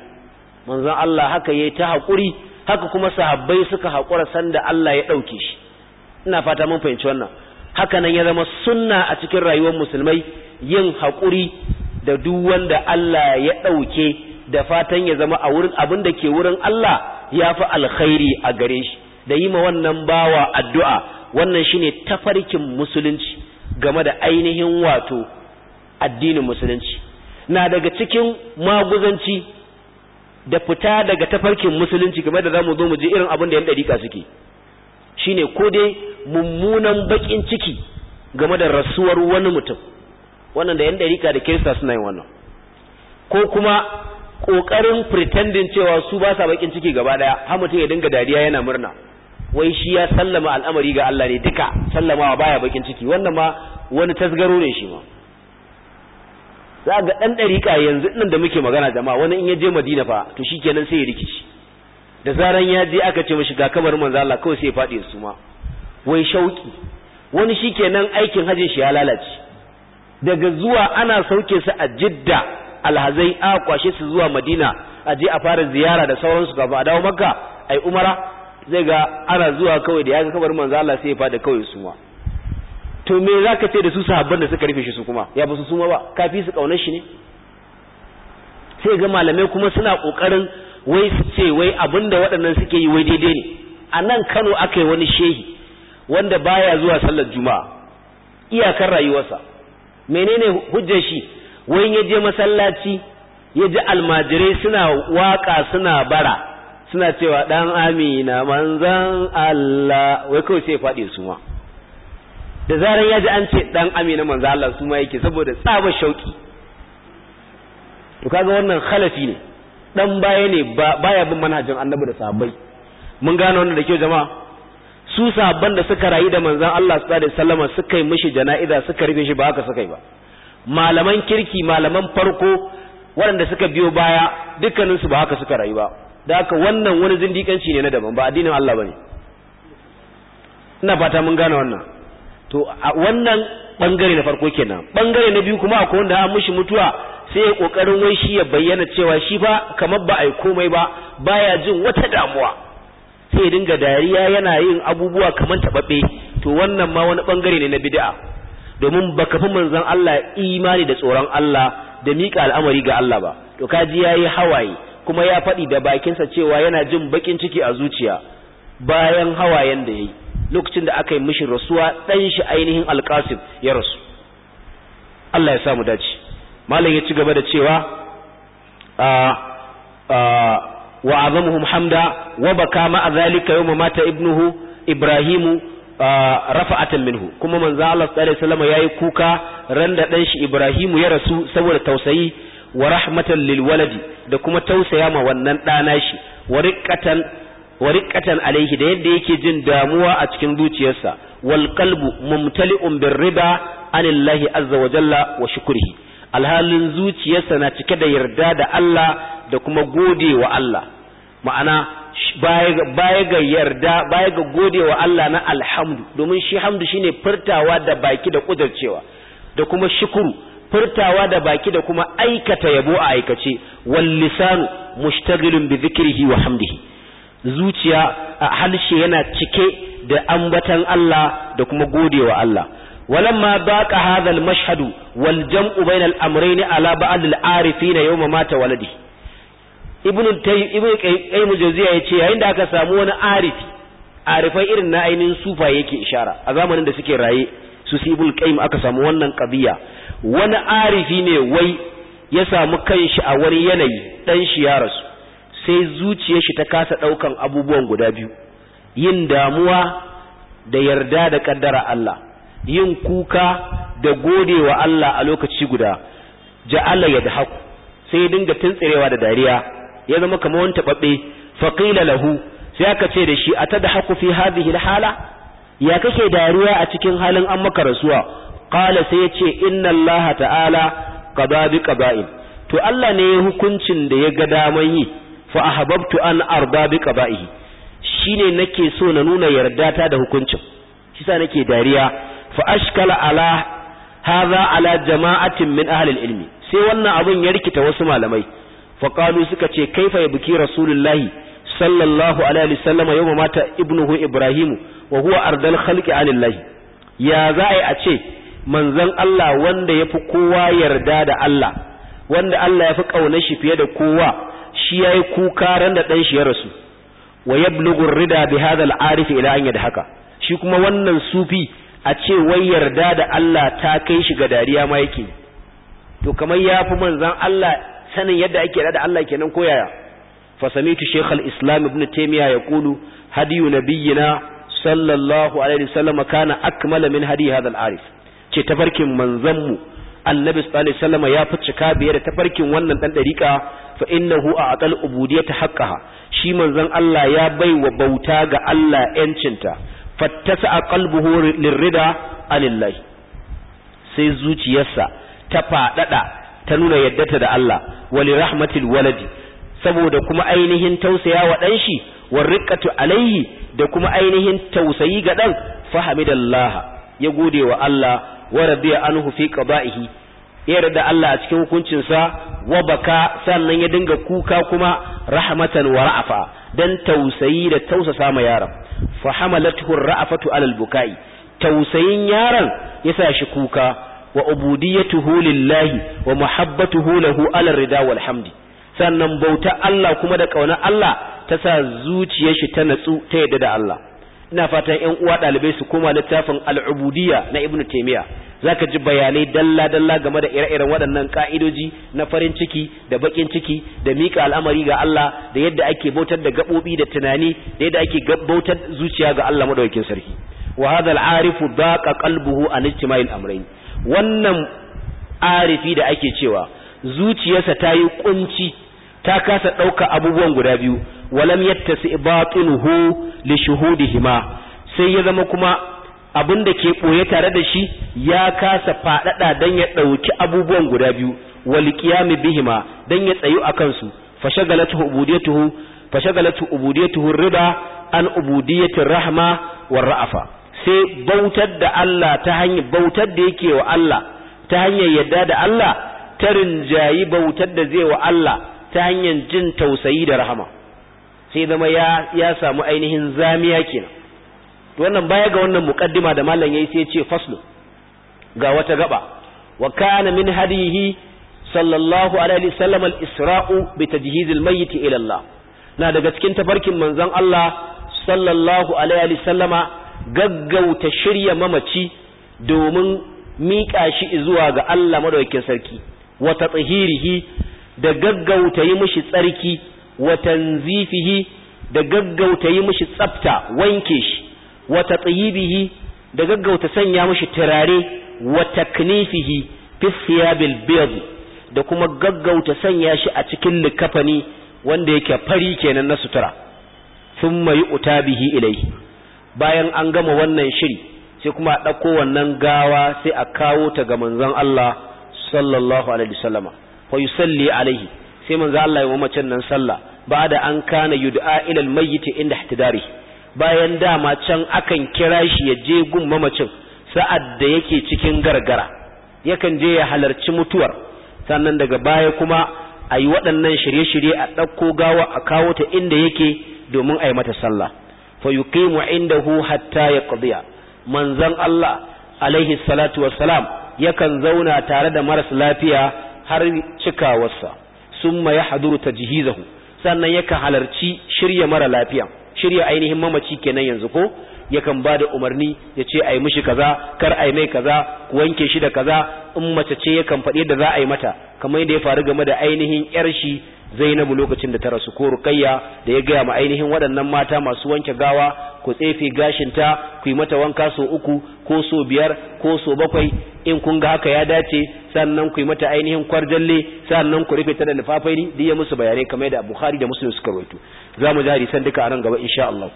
manzon Allah haka yayi ta hakuri haka kuma sahabbai suka hakura sanda Allah ya dauke shi ina fata mun fahimci wannan haka nan ya zama sunna a cikin rayuwar musulmai yin hakuri da duk wanda Allah ya dauke da fatan ya zama a wurin abin da ke wurin Allah ya fi alkhairi a gare shi da yi ma wannan bawa addu'a wannan shine tafarkin musulunci game da ainihin wato addinin musulunci na daga cikin maguzanci da fita daga tafarkin musulunci game da zamu zo mu ji irin abin da yan dariƙa suke shine ko dai mummunan bakin ciki game da rasuwar wani mutum wannan da yan dariƙa da kirista suna yin wannan ko kuma kokarin pretending cewa su ba sa bakin ciki gaba daya har mutum ya dinga dariya yana murna wai shi ya sallama al'amari ga Allah ne duka sallamawa baya bakin ciki wannan ma wani tasgaro ne shi ma za ga dan dariƙa yanzu nan da muke magana jama'a wani in ya je Madina fa to shikenan sai ya rikici da zaran ya je aka ce mishi ga kamar manzo Allah kawai sai ya fadi su ma wai shauki wani shikenan aikin hajin shi ya lalace daga zuwa ana sauke su a Jidda alhazai a kwashe su zuwa Madina a je a fara ziyara da sauransu kafin a dawo Makka ai umara zai ga ana zuwa kawai da ya ga kabarin manzo Allah sai ya fada kawai suma to me zaka ce da su sahabban da suka rufe shi su kuma ya ba su suma ba kafi su kaunar shi ne sai ga malamai kuma suna kokarin wai su ce wai abinda waɗannan suke yi wai daidai ne a nan Kano aka yi wani shehi wanda baya zuwa sallar juma'a iyakar rayuwarsa menene hujjar shi wai ya je masallaci ya ji almajirai suna waka suna bara suna cewa ɗan amina manzan Allah wai kawai sai faɗi su ma da zarar ya ji an ce dan amina manzan Allah su ma yake saboda tsabar shauki to kaga wannan khalafi ne dan baya ne baya bin manhajin annabi da sahabbai mun gano wannan da kyau jama'a su sahabban da suka rayu da manzan Allah sallallahu alaihi wasallam suka yi mishi jana'iza suka rufe shi ba haka suka yi ba malaman kirki malaman farko waɗanda suka biyo baya dukkaninsu ba haka suka rayu ba da aka wannan wani zindikanci ne na daban ba addinin Allah ba ne. ina fata mun gane wannan to a wannan bangare na farko kenan bangare na biyu kuma akwai wanda an mishi mutuwa sai ya kokarin wai shi ya bayyana cewa shi ba kamar ba a yi komai ba baya jin wata damuwa sai ya dinga dariya yana yin abubuwa kamar taɓaɓe, to wannan ma wani bangare ne na bid'a domin baka fi manzon Allah imani da tsoron Allah da miƙa al'amari ga Allah ba to kaji yayi hawaye kuma ya faɗi da bakinsa cewa yana jin bakin ciki a zuciya bayan hawayen da ya yi lokacin da aka yi mishi rasuwa ɗan shi ainihin alƙasim ya rasu Allah ya samu dace malam ya ci gaba da cewa wa azamuhum hamda wa baka ma zalika yawma mata ibnuhu ibrahimu rafa'atan minhu kuma manzo Allah sallallahu alaihi wasallam yayi kuka ran da dan shi Ibrahimu ya rasu saboda tausayi wa rahmatan lil waladi da kuma tausaya ma wannan ɗana shi wa riqqatan alaihi da yadda yake jin damuwa a cikin zuciyarsa wal qalbu mumtali'un bir riba anillahi azza wa jalla wa shukrihi alhalin zuciyarsa na cike da yarda da Allah da kuma gode wa Allah ma'ana baya ga yarda baya ga gode wa Allah na alhamdu domin shi hamdu shine furtawa da baki da kudarcewa da kuma shukuru furtawa da baki da kuma aikata yabo a aikace wal lisanu mushtaghilun bi dhikrihi wa hamdihi zuciya a halshe yana cike da ambatan Allah da kuma godewa Allah ولما ضاق هذا المشهد والجمع بين الأمرين على بعض العارفين يوم مات ولدي ابن ابن قيم الجوزية yace yayin da aka samu wani arifi arifai irin na ainihin sufa yake ishara a zamanin da suke raye su sibul qaim aka samu wannan qadiya wani arifi ne wai ya samu kanshi a wani yanayi dan shi ya rasu sai zuciyar shi ta kasa daukan abubuwan guda biyu yin damuwa da yarda da kaddara Allah yin kuka da godewa Allah a lokaci guda ja'ala yadhaku sai dinga tuntsirewa da dariya ya zama kamar wani tababbe faqila lahu sai aka ce da shi atadhaku fi hadhihi alhala ya kake dariya a cikin halin an maka rasuwa qala sai yace inna Allah ta'ala qada bi qaba'in to Allah ne ya hukuncin da ya ga daman yi fa ahbabtu an arda bi qaba'ihi shine nake so na nuna yarda ta da hukuncin shi sa nake dariya fa ashkala ala hadha ala jama'atin min ahli ilmi sai wannan abun ya rikita wasu malamai fa qalu suka ce kaifa yabki rasulullahi sallallahu alaihi wasallam yawma mata ibnuhu ibrahimu wa huwa ardal khalqi anillahi ya za a ce manzon Allah wanda yafi kowa yarda da Allah wanda Allah yafi kaunar shi fiye da kowa shi yayi kuka ran da dan shi ya rasu wa yablughu rida bi hadha al-arif ila an yadhaka shi kuma wannan sufi a ce wai yarda da Allah ta kai shi ga dariya ma yake to kamar yafi manzon Allah sanin yadda ake da Allah kenan ko yaya فسمعت شيخ الإسلام ابن تيمية يقول هدي نبينا صلى الله عليه وسلم كان أكمل من هدي هذا العارف ce tafarkin manzanmu annabi sallallahu alaihi ya fi cika biye da tafarkin wannan dan dariƙa fa innahu a aqal ubudiyyata haqqaha shi manzon Allah ya bai wa bauta ga Allah ta fattasa qalbuhu lirrida anillahi sai zuciyarsa ta faɗaɗa ta nuna yaddata da Allah Wani rahmatil waladi saboda kuma ainihin tausaya wa ɗan shi wa alaihi da kuma ainihin tausayi ga dan fahamidallah ya gode wa Allah wa radiya anhu fi qada'ihi ya yarda Allah a cikin hukuncin sa wa baka sannan ya dinga kuka kuma rahmatan wa ra'afa dan tausayi da tausasa ma yaron fahamalathu ra'afatu alal bukai tausayin yaron ya sa shi kuka wa ubudiyatuhu lillahi wa muhabbatuhu lahu alal rida wal hamdi sannan bauta Allah kuma da ƙauna Allah ta sa zuciyar shi ta natsu ta yadda da Allah ina fatan ƴan uwa ɗalibai su koma littafin al'ubudiyya na ibnu za zaka ji bayanai dalla dalla game da ire-iren waɗannan ka'idoji na farin ciki da baƙin ciki da mika al'amari ga Allah da yadda ake bautar da gabobi da tunani da yadda ake bautar zuciya ga Allah madaukakin sarki wa hadha al'arifu daqa qalbuhu an ijtima'il amrayn wannan arifi da ake cewa zuciyarsa ta yi kunci ta kasa ɗauka abubuwan guda biyu walam yattasi batinuhu li shuhudihima sai ya zama kuma abin da ke ɓoye tare da shi ya kasa faɗaɗa don ya ɗauki abubuwan guda biyu wal qiyami bihima don ya tsayu akan su fashagalatu ubudiyatuhu fashagalatu ubudiyatuhu riba an ubudiyatir rahma war ra'afa sai bautar da Allah ta hanyar bautar da yake wa Allah ta hanyar yadda da Allah ta rinjayi bautar da zai wa Allah ta hanyar jin tausayi da rahama sai zama ya ya samu ainihin zamiya kenan to wannan baya ga wannan muqaddima da mallan yayi sai ya ce faslu ga wata gaba wa kana min hadihi sallallahu alaihi wasallam al-isra'u bi tajhiz al-mayyit ila Allah na daga cikin tafarkin manzon Allah sallallahu alaihi wasallama gaggauta shirya mamaci domin miƙa shi zuwa ga Allah madaukakin sarki wa tatahirihi da gaggauta yi mishi tsarki wa tanzifihi da gaggauta yi mishi tsafta wanke shi wa tatyibihi da gaggauta sanya mishi turare wa taknifihi fi thiyabil bayd da kuma gaggauta sanya shi a cikin likafani wanda yake fari kenan na sutura thumma yu'ta bihi ilayhi bayan an gama wannan shiri sai kuma a ɗauko wannan gawa sai a kawo ta ga manzon Allah sallallahu alaihi wasallama fa yusalli alaihi sai manzo Allah ya mamacin nan sallah ba da an kana yud'a ila almayyit inda ihtidari bayan dama can akan kira shi ya je gun mamacin sa'ad da yake cikin gargara yakan je ya halarci mutuwar sannan daga baya kuma a yi waɗannan shirye-shirye a ɗauko gawa a kawo ta inda yake domin a yi mata sallah fa yuqimu indahu hatta yaqdiya manzon Allah alaihi salatu wassalam yakan zauna tare da maras lafiya har cikawarsa sun ya haduru jihizahu sannan yakan halarci shirya mara lafiya shirya ainihin mamaci kenan yanzu ko yakan ba da umarni ya ce a yi mishi kaza kar a yi mai kaza ku wanke shi da kaza in mace ce yakan faɗi da za a yi mata kamar yadda ya faru game da ainihin yar shi zainabu lokacin da ta rasu ko Rukayya da ya gaya ma ainihin waɗannan mata masu wanke gawa ku tsefe gashinta ku yi mata wanka so uku ko so biyar ko so bakwai in kun ga haka ya dace sannan ku yi mata ainihin kwarjalle sannan ku rufe ta da ne duk ya musu bayanai kamar da Bukhari da Muslim suka rawaito zamu ji hadisan duka anan gaba insha Allah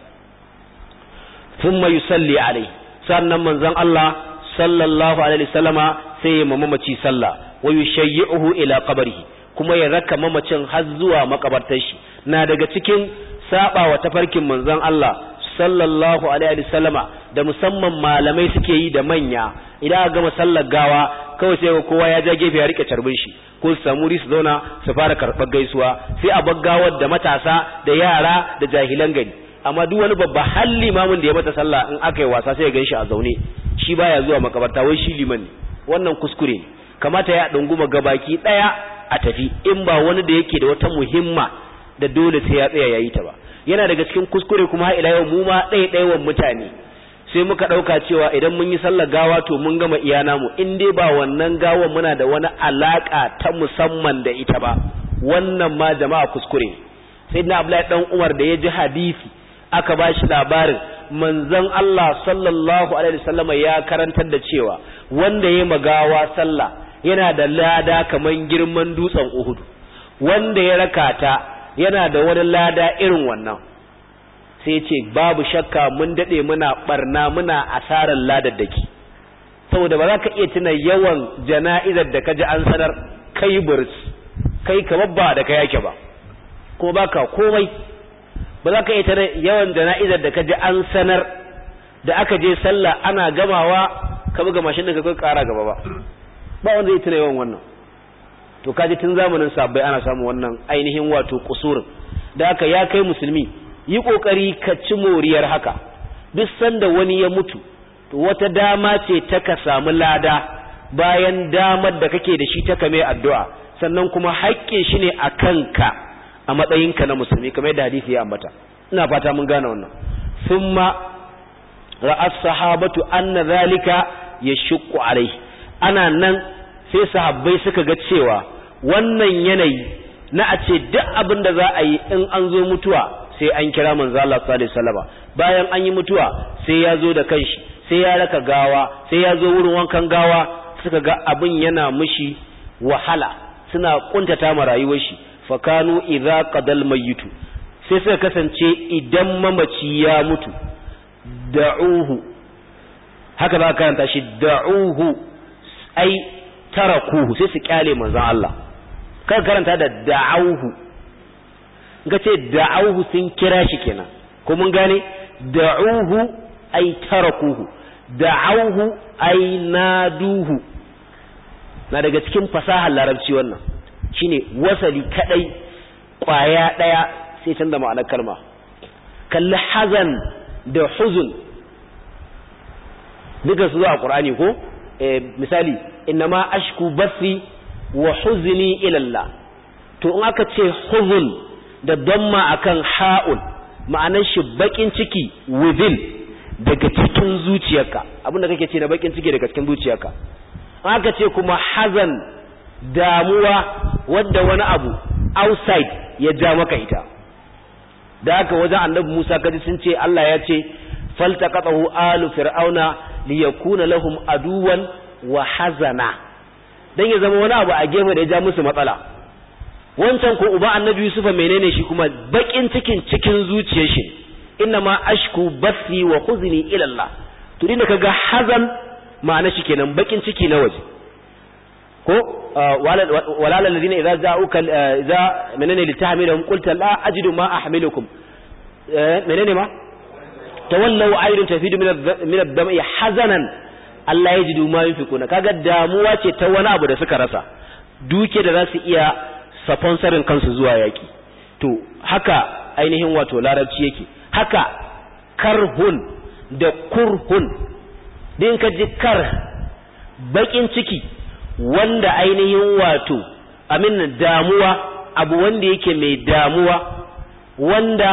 thumma yusalli alai sannan manzon Allah sallallahu alaihi wasallama sai ya mamaci sallah wa yushayyi'uhu ila qabrihi kuma ya raka mamacin har zuwa makabartar shi na daga cikin saba wa tafarkin manzon Allah sallallahu alaihi wasallama da musamman malamai suke yi da manya idan aka gama sallar gawa kawai sai kowa ya ja gefe ya rike carbin shi ko su samu su zauna su fara karɓar gaisuwa sai a bar gawar da matasa da yara da jahilan gari amma duk wani babba halli mamun da ya mata sallah in aka yi wasa sai ya gan shi a zaune shi baya zuwa makabarta wai shi liman ne wannan kuskure ne kamata ya ɗunguma gabaki ɗaya a tafi in ba wani da yake da wata muhimma da dole sai ya tsaya yayi ta ba yana daga cikin kuskure kuma ila yau mu ma ɗaiɗaiwan mutane sai muka ɗauka cewa idan mun yi sallar gawa to mun gama iyana mu in dai ba wannan gawan muna da wani alaƙa ta musamman da ita ba wannan ma jama'a kuskure sai na abdullahi dan umar da ya ji hadisi aka ba shi labarin manzon Allah sallallahu alaihi wasallam ya karantar da cewa wanda ya magawa sallah yana da lada kamar girman dutsen Uhud wanda ya rakata yana da wani lada irin wannan sai ce babu shakka mun dade muna barna muna asarar ladar dake saboda ba za ka iya tuna yawan jana'izar da ka ji an sanar kai burs kai kamar ba da ka yake ba ko baka komai ba za ka iya tuna yawan jana'izar da ka ji an sanar da aka je sallah ana gamawa ka buga mashin da kai kara gaba ba ba wanda zai tuna yawan wannan to kaji tun zamanin sabbai ana samun wannan ainihin wato kusurin da aka ya kai musulmi yi kokari ka ci moriyar haka duk sanda wani ya mutu to wata dama ce ta ka samu lada bayan damar da kake da shi ta kame addu'a sannan kuma haƙƙin shi ne a kanka a matsayinka na musulmi kamar yadda hadisi ya ambata ina fata mun gane wannan thumma ra'as sahabatu anna zalika yashqu alayhi ana nan sai sahabbai suka ga cewa wannan yanayi na a ce duk abin da za a yi in an zo mutuwa sai an kira manzo Allah sallallahu alaihi bayan an yi mutuwa sai ya zo da kanshi sai ya raka gawa sai ya zo wurin wankan gawa suka ga abin yana mushi wahala suna kuntata ma rayuwar shi fakanu idza qadal mayitu sai suka kasance idan mamaci ya mutu da'uhu haka ba karanta shi da'uhu ai tarakuhu sai su kyale manzon Allah kai karanta da da'auhu ga ce da'auhu sun kira shi kenan ko mun gane da'uhu ay tarakuhu da'auhu ay naduhu na daga cikin fasahar larabci wannan shine wasali kadai kwaya daya sai canza ma'anar kalma kalli hazan da huzun duka su zuwa qur'ani ko Eh, misali ma ashku bathi wa huzni ila Allah to in aka ce huzn da damma akan ha'un ma'anar shi bakin ciki within daga cikin zuciyarka abin da kake ce na bakin ciki daga cikin zuciyarka in aka ce kuma hazan damuwa wadda wani abu outside ya ja maka ita da haka wajen annabi Musa kaji sun ce Allah ya ce faltaqatahu alu fir'auna liyakuna lahum aduwan wa hazana dan ya zama wani abu a gefe da ya ja musu matsala wancan ko uba annabi yusufa menene shi kuma bakin cikin cikin zuciyar shi inna ma ashku bathi wa huzni ila Allah to dinda kaga hazan ma'ana shi kenan bakin ciki na waje ko uh, wala alladhina idza za'uka uh, idza menene litahmilahum qulta la ajidu ma ahmilukum eh, menene ma tawallaw ayrun tafidu min ad-dam'i hazanan Allah ya ji ma yunfikuna kaga damuwa ce ta wani abu da suka rasa duke da zasu iya sponsorin kansu zuwa yaki to haka ainihin wato larabci yake haka karhun da kurhun din ka ji kar bakin ciki wanda ainihin wato amin damuwa abu wanda yake mai damuwa wanda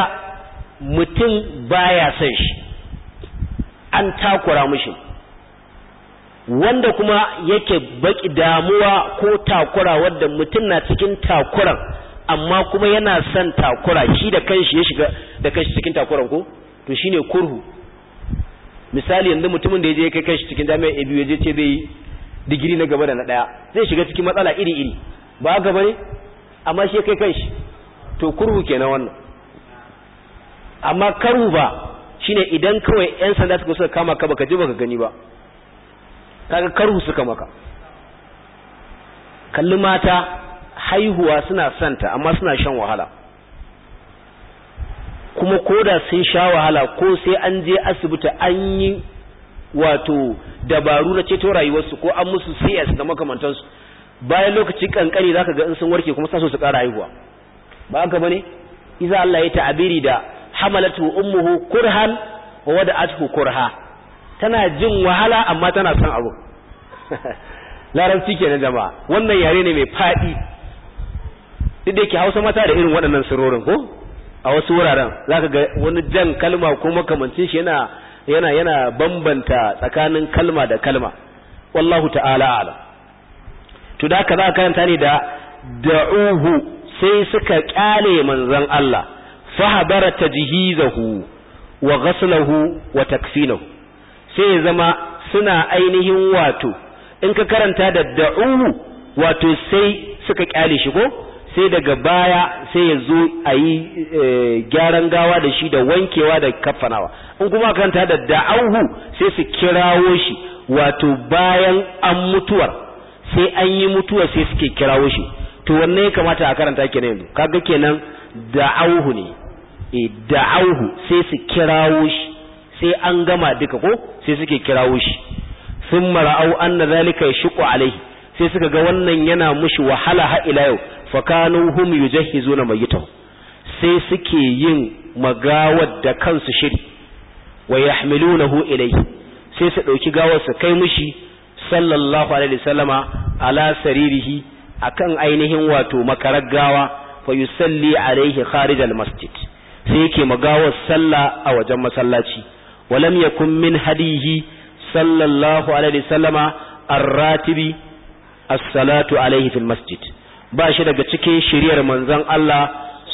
mutum baya son shi an takura mushi wanda kuma yake baki damuwa ko takura wanda mutum na cikin takuran amma kuma yana son takura shi da kanshi ya shiga da kanshi cikin takuran ko to shine kurhu misali yanzu mutumin da yaje kai kanshi cikin jami'ar ABU yaje ce zai digiri na gaba da na daya zai shiga cikin matsala iri iri ba gaba ne amma shi kai kanshi to kurhu kenan wannan amma karu ba shine idan kawai yan sanda suka suka kama ka baka ji baka gani ba kaga karu suka maka kalli mata haihuwa suna santa amma suna shan wahala kuma ko da sun sha wahala ko sai an je asibiti an yi wato dabaru na ceto rayuwarsu ko an musu CS da makamantansu bayan lokaci kankani zaka ga in sun warke kuma sa so su kara haihuwa ba haka bane iza Allah ya ta'abiri da hamalatu ummuhu kurhan wa wada'athu kurha tana jin wahala amma tana son abu larabci kenan jama'a wannan yare ne mai fadi duk da yake Hausa mata da irin waɗannan surorin ko a wasu wuraren zaka ga wani jan kalma ko makamancin shi yana yana yana bambanta tsakanin kalma da kalma wallahu ta'ala ala to da haka za ka karanta ne da da'uhu sai suka kyale manzon Allah fahabara tajhizahu wa ghaslahu wa takfinahu sai ya zama suna ainihin wato in ka karanta da da'uhu wato sai suka kyale shi ko sai daga baya sai ya zo a yi gyaran gawa da shi da wankewa da kafanawa in kuma karanta da da'auhu sai su kirawo shi wato bayan an mutuwar sai an yi mutuwar sai suke kirawo shi to wannan ya kamata a karanta kenan yanzu kaga kenan da'auhu ne Eh, da'auhu sai su kirawo shi sai an gama duka ko sai suke kirawo shi sun mara'au an na zalika ya shiƙo alai sai suka ga wannan yana mushi wahala ha ila yau fakanu hum yujahhizu na mayyitan sai suke yin magawar da kansu shiri wa yahmilunahu ilai sai su ɗauki gawar su kai mushi sallallahu alaihi wasallama ala saririhi akan ainihin wato makaragawa gawa fa yusalli alaihi kharijal masjid sai yake magawar sallah a wajen masallaci walam yakun min hadihi sallallahu alaihi sallama arratibi as-salatu alaihi fil masjid ba shi daga cikin shiriyar manzon Allah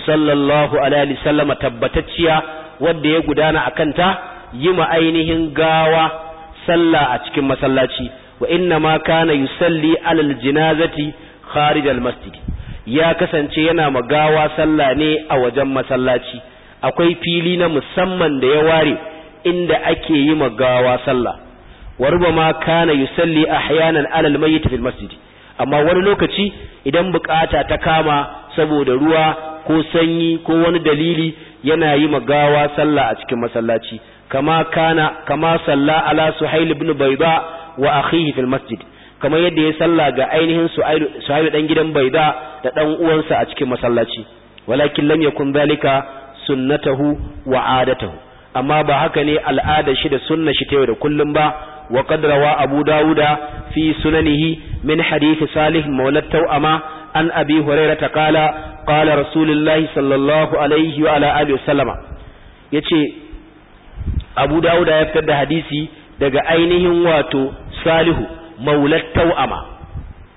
sallallahu alaihi sallama tabbatacciya wanda ya gudana akan ta yi ma ainihin gawa sallah a cikin masallaci wa inna ma kana yusalli alal janazati kharij al masjid ya kasance yana magawa sallah ne a wajen masallaci akwai fili na musamman da ya ware inda ake yi magawa sallah wa rubama kana yusalli ahyanan alal mayyit fil masjid amma wani lokaci idan bukata ta kama saboda ruwa ko sanyi ko wani dalili yana yi magawa sallah a cikin masallaci kama kana kama salla ala suhail ibn bayda wa akhihi fil masjid kamar yadda ya salla ga ainihin suhail dan gidan bayda da dan uwansa a cikin masallaci walakin lam yakun zalika sunnatahu wa adatahu amma ba haka ne al'ada shi da sunna shi ta yau da kullum ba wa qadrawa abu dauda fi sunanihi min hadith salih mawla tawama an abi hurairah qala qala rasulullahi sallallahu alaihi wa ala alihi wasallama yace abu dauda ya fitar da hadisi daga ainihin wato salihu mawla tawama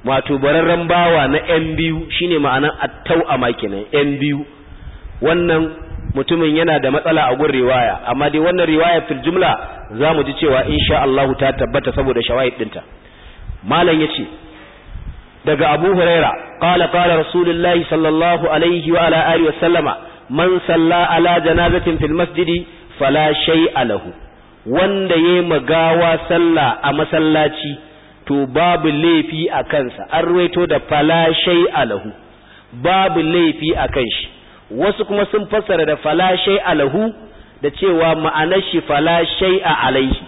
wato bararren bawa na yan biyu shine ma'anan at-tawama kenan yan biyu wannan mutumin yana da matsala a gurin riwaya amma dai wannan riwaya fil jumla za mu ji cewa insha Allah ta tabbata saboda shawahid dinta malam ya ce daga Abu Huraira qala qala Rasulullahi sallallahu alaihi wa ala alihi wa sallama man salla ala janazatin fil masjidi fala shay'a lahu wanda yayi magawa sallah a masallaci to babu laifi a kansa an ruwaito da fala shay'a lahu babu laifi a kan shi wasu kuma sun fassara da fala shay'a lahu da cewa ma'anar shi fala shay'a alaihi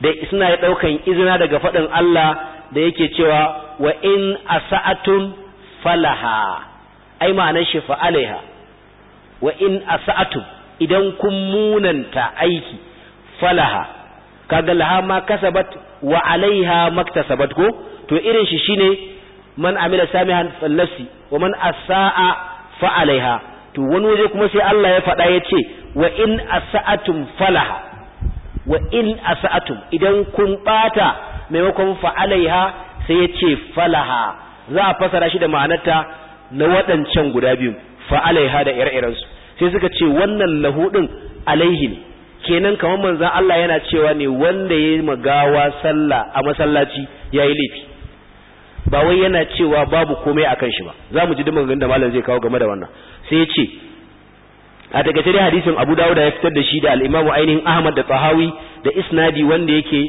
da suna ya daukan izina daga faɗin Allah da yake cewa wa in asa'atun falaha ai ma'anar shi fa'alaiha wa in asa'atun idan kun munanta aiki falaha kaga laha ma kasabat wa alaiha maktasabat ko to irin shi shine man amila samihan fallasi wa man asaa fa alaiha to wani waje kuma sai Allah ya faɗa ya ce wa in asa'atum falaha wa in asa'atum idan kun ɓata maimakon fa'alaiha sai ya ce falaha za a fasara shi da ma'anarta na waɗancan guda biyu fa'alaiha alaiha da ire su sai suka ce wannan lahu din alaihi kenan kamar manzon Allah yana cewa ne wanda yayi magawa sallah a masallaci ya yi laifi ba wai yana cewa babu komai akan shi ba za mu ji dimin da malam zai kawo game da wannan sai ya ce a takaice dai hadisin Abu Dawud ya fitar da shi da al ainihin Ahmad da Tahawi da isnadi wanda yake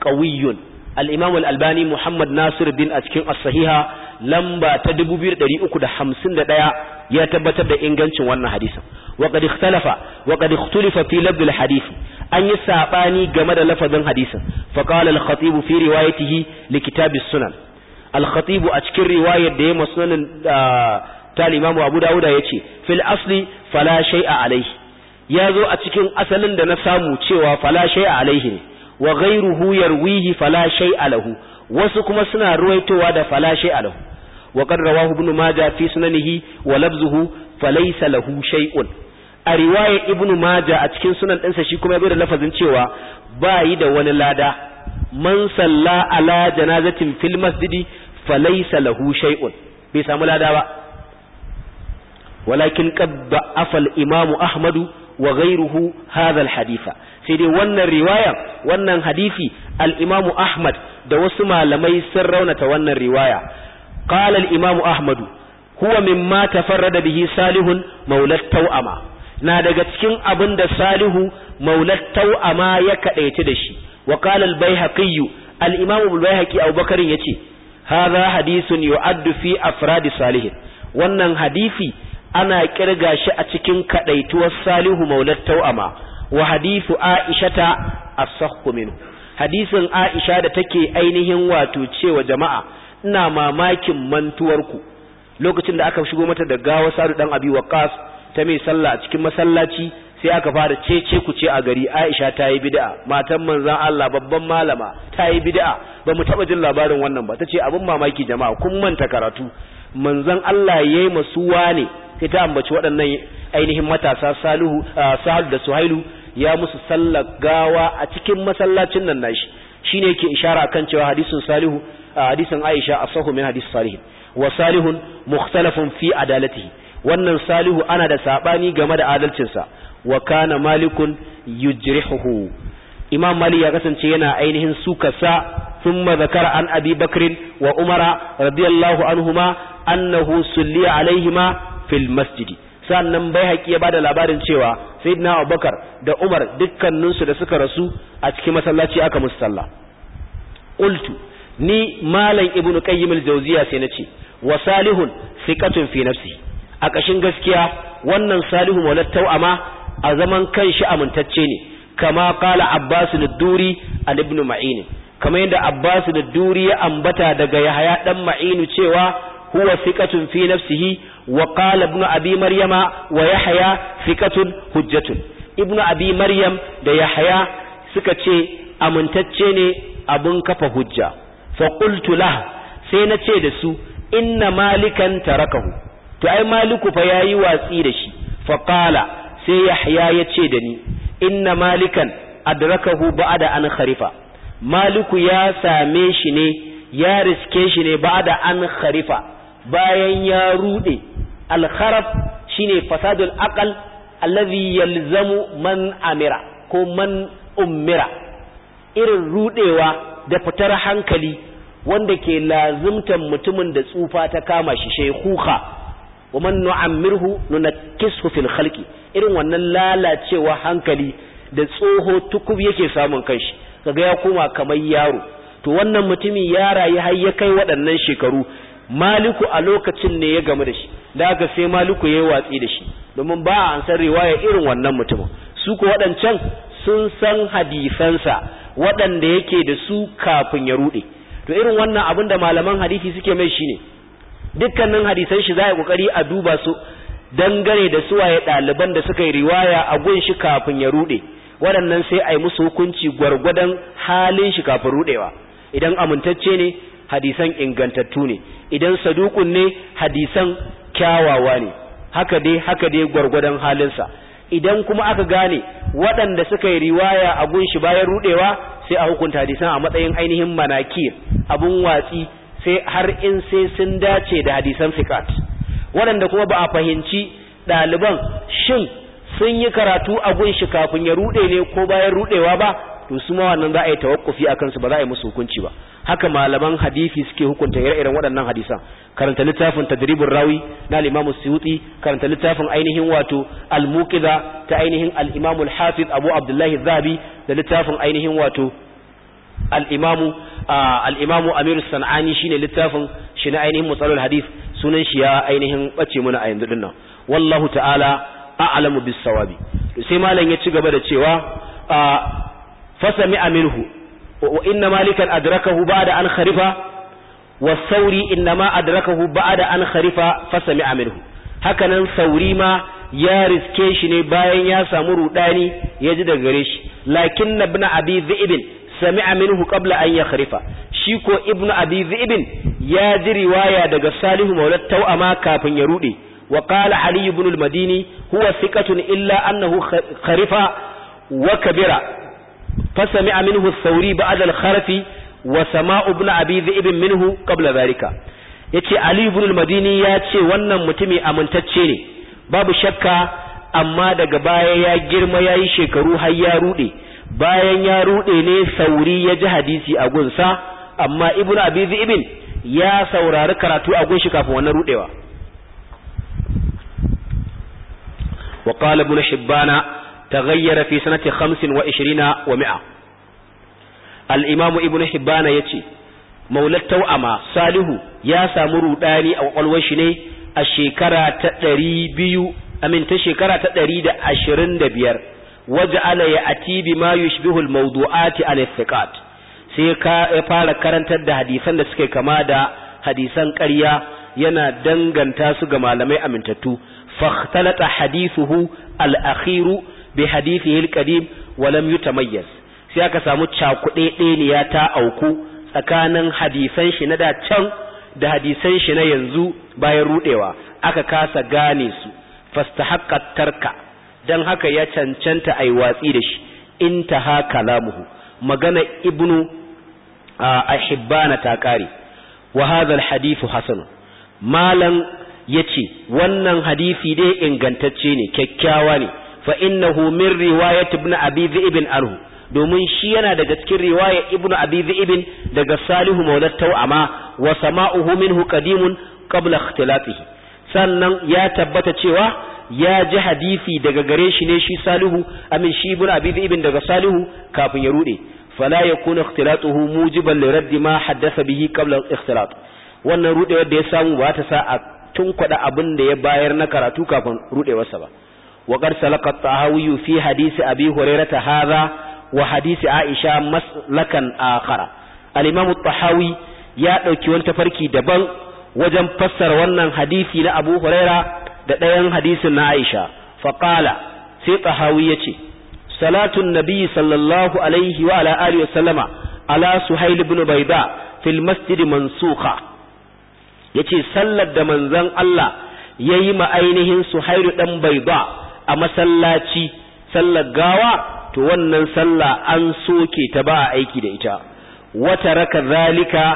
qawiyyun alimamu albani Muhammad din a cikin asahiha lamba ta 2351 ya tabbatar da ingancin wannan hadisin wa qad ikhtalafa wa qad ikhtalafa fi lafz al an yi saɓani game da lafazin hadisin fa qala al-khatib fi riwayatihi li kitab sunan AlKhatibu a cikin riwayar da ya musnanin ah, ta limamu abu dawuda ya ce fil asli fala a alaihi ya zo a cikin asalin da na samu cewa fala a alaihi ne wa ghayruhu yarwihi fala shay'a lahu wasu kuma suna ruwaitowa da fala shay'a lahu wa qad ibn fi sunanihi wa labzuhu falaysa lahu shay'un a riwaya ibn Maja a cikin sunan ɗinsa shi kuma ya da lafazin cewa ba yi da wani lada man salla ala janazatin fil masjidi falaysa lahu shay'un bai samu lada ba walakin qad afal imamu ahmadu wa ghayruhu hadha al hadifa sai dai wannan riwaya wannan hadisi al imamu ahmad da wasu malamai sun raunata wannan riwaya qala al imamu ahmadu huwa mimma tafarrada bihi salihun maulat tau'ama na daga cikin abin da salihu maulat tau'ama ya kadaici da shi wa qala al-baihaqi al-imam al-baihaqi Abu Bakar yace hadha hadithun yu'addu fi afradi wannan hadisi ana ƙirga shi a cikin kadaituwar salihu maulat tau'ama wa hadithu aishata as-sahhu minhu hadisin aisha da take ainihin wato cewa jama'a ina mamakin mantuwarku lokacin da aka shigo mata da gawa sadu dan abi waqas ta mai sallah a cikin masallaci sai aka fara cece ku ce a gari Aisha ta yi bid'a matan manzon Allah babban malama ta yi bid'a bamu mu taba jin labarin wannan ba tace abin mamaki jama'a kun manta karatu manzan Allah yayi masuwa ne sai ta ambaci waɗannan ainihin matasa Salihu Sahal da Suhailu ya musu sallar gawa a cikin masallacin nan nashi shine yake ishara kan cewa hadisin Salihu hadisin Aisha asahu min hadis Salih wa Salihun mukhtalafun fi adalatihi wannan Salihu ana da sabani game da adalcinsa wa malikun yujrihuhu imam malik ya kasance yana ainihin sukasa thumma zakara an abi bakrin wa umara ma anhuma annahu sulliya alaihima fil masjidi sannan bai haƙi ya ba da labarin cewa sayyidina Bakar da umar dukkaninsu da suka rasu a cikin masallaci aka musu sallah qultu ni malam ibnu qayyim al-jawziya sai nace wa salihun thiqatun fi a ƙashin gaskiya wannan salihu mawlat tau'ama a zaman kanshi amintacce ne kama kala Abbas da duri an ibn kamar yadda Abbas da duri ya ambata daga Yahya dan Ma'inu cewa huwa fikatun fi nafsihi wa kala ibnu Abi Maryama wa Yahya fikatun hujjatun Ibnu Abi Maryam da Yahya suka ce amintacce ne abin kafa hujja fa qultu sai na ce da su inna malikan tarakahu to ai maliku fa yayi watsi da shi fa sai yahya ya ce da ni inna malikan adrakahu ba'da an kharifa maliku ya same shi ne ya riske shi ne ba'da an kharifa bayan ya rude al kharaf shine fasadul aqal alladhi yalzamu man amira ko man ummira irin rudewa da fitar hankali wanda ke lazumtan mutumin da tsufa ta kama shi shekuka wa man nu'ammirhu nunakkisuhu fil khalqi irin wannan lalacewa hankali da tsoho tukub yake samun kanshi kaga ya koma kamar yaro to wannan mutumin ya rayu har ya kai waɗannan shekaru maliku a lokacin ne ya gamu da shi da sai maliku ya yi watsi da shi domin ba a san riwaya irin wannan mutumin su ko waɗancan sun san hadisansa waɗanda yake da su kafin ya ruɗe to irin wannan abin da malaman hadisi suke mai shine dukkanin hadisan shi za a kokari a duba su dangane da suwaye ɗaliban da suka yi riwaya a gun shi kafin ya rude waɗannan sai a yi musu hukunci gwargwadon halin shi kafin rudewa idan amintacce ne hadisan ingantattu ne idan sadukun ne hadisan kyawawa ne haka dai haka dai gwargwadon halinsa idan kuma aka gane waɗanda suka yi riwaya a gun shi bayan rudewa sai a hukunta hadisan a matsayin ainihin manakir abun watsi sai har in sai sun dace da hadisan fiqat waɗanda kuma ba a fahimci ɗaliban shin sun yi karatu a gunshi kafin ya rude ne ko bayan rudewa ba to su ma wannan za a yi tawakkufi a kansu ba za a yi musu hukunci ba haka malaman hadisi suke hukunta ire-iren waɗannan hadisan karanta littafin tadribur rawi na al-imamu suyuti karanta littafin ainihin wato al ta ainihin al-imamu al-hafiz abu abdullahi zabi da littafin ainihin wato al-imamu al-Imam Amir Sanani shine littafin shi na ainihin Musalul Hadith sunan shi ya ainihin bace mana a yanzu dinnan wallahu ta'ala a'lamu bis-sawabi sai malam ya ci gaba da cewa fasami aminhu wa inna malikan adrakahu da an kharifa wa sauri inma adrakahu da an kharifa fasami aminhu hakanan sauri ma ya riske shi ne bayan ya samu rudani ya ji daga gare shi lakin ibn abi dhibin sami'a minhu qabla an yakhrifa shi ko ibnu abi zibin ya ji riwaya daga salihu maulat tau'ama kafin ya rude wa qala ali ibn al-madini huwa thiqatun illa annahu kharifa wa kabira fa sami'a minhu ath-thawri ba'da al-kharfi wa sama'u ibn abi zibin minhu qabla dhalika yace ali ibn al-madini ya ce wannan mutumi amintacce ne babu shakka amma daga baya ya girma yayi shekaru har ya rude bayan ya rude ne sauri ya ji hadisi a gunsa amma ibnu abi ibn ya saurari karatu a gunshi kafin wannan rudewa wa qala ibnu hibbana gayyara fi sanati 25 wa 100 al-imam ibnu hibbana yace maulat tau'ama salihu ya samu rudani a kwakwalwar shi ne a shekara ta 200 amin ta shekara ta 125 waj'ala ya'ti bima yushbihu al-mawdu'ati al-thiqat sai ka ya fara karantar da hadisan da suke kama da hadisan ƙarya yana danganta su ga malamai amintattu fakhtalata hadithuhu al-akhiru bi hadithihi al-qadim wa lam yutamayyaz sai aka samu cakuɗe ta auku tsakanin hadisan shi na da can da hadisan shi na yanzu bayan rudewa aka kasa gane su fastahaqqa tarka Idan haka ya cancanta yi watsi da shi in ha kalamuhu magana ibnu ahibbana ta kare wa hadha Hassan Malam ya ce wannan hadisi dai ingantacce ne kyakkyawa ne fa innahu min riwayat ibn abi ibn anhu domin shi yana daga cikin riwaya ibnu abi ibn daga salihu maulat tawama wa sama'uhu minhu qadimun qabla ikhtilatihi sannan ya tabbata cewa ya ji hadisi daga gare shi ne shi salihu amin shi ibn abi ibn daga salihu kafin ya rude fala yakunu ikhtilatuhu mujiban li raddi ma haddatha bihi qabla ikhtilat wannan rude da ya samu ba ta sa a tunkwada abin da ya bayar na karatu kafin rudewarsa ba wa qad salaka tahawi fi hadisi abi hurairata hadha wa hadisi aisha maslakan akhara al-imam tahawi ya dauki wani tafarki daban wajen fassara wannan hadisi na Abu Huraira da ɗayan hadisin na Aisha Faƙala sai ya yace salatun nabi sallallahu alaihi wa ala alihi wasallama ala suhail ibn bayda fil masjid mansukha yace sallar da manzon Allah yayi ma ainihin suhail dan Baiba a masallaci sallar gawa to wannan sallah an soke ta ba aiki da ita wata raka zalika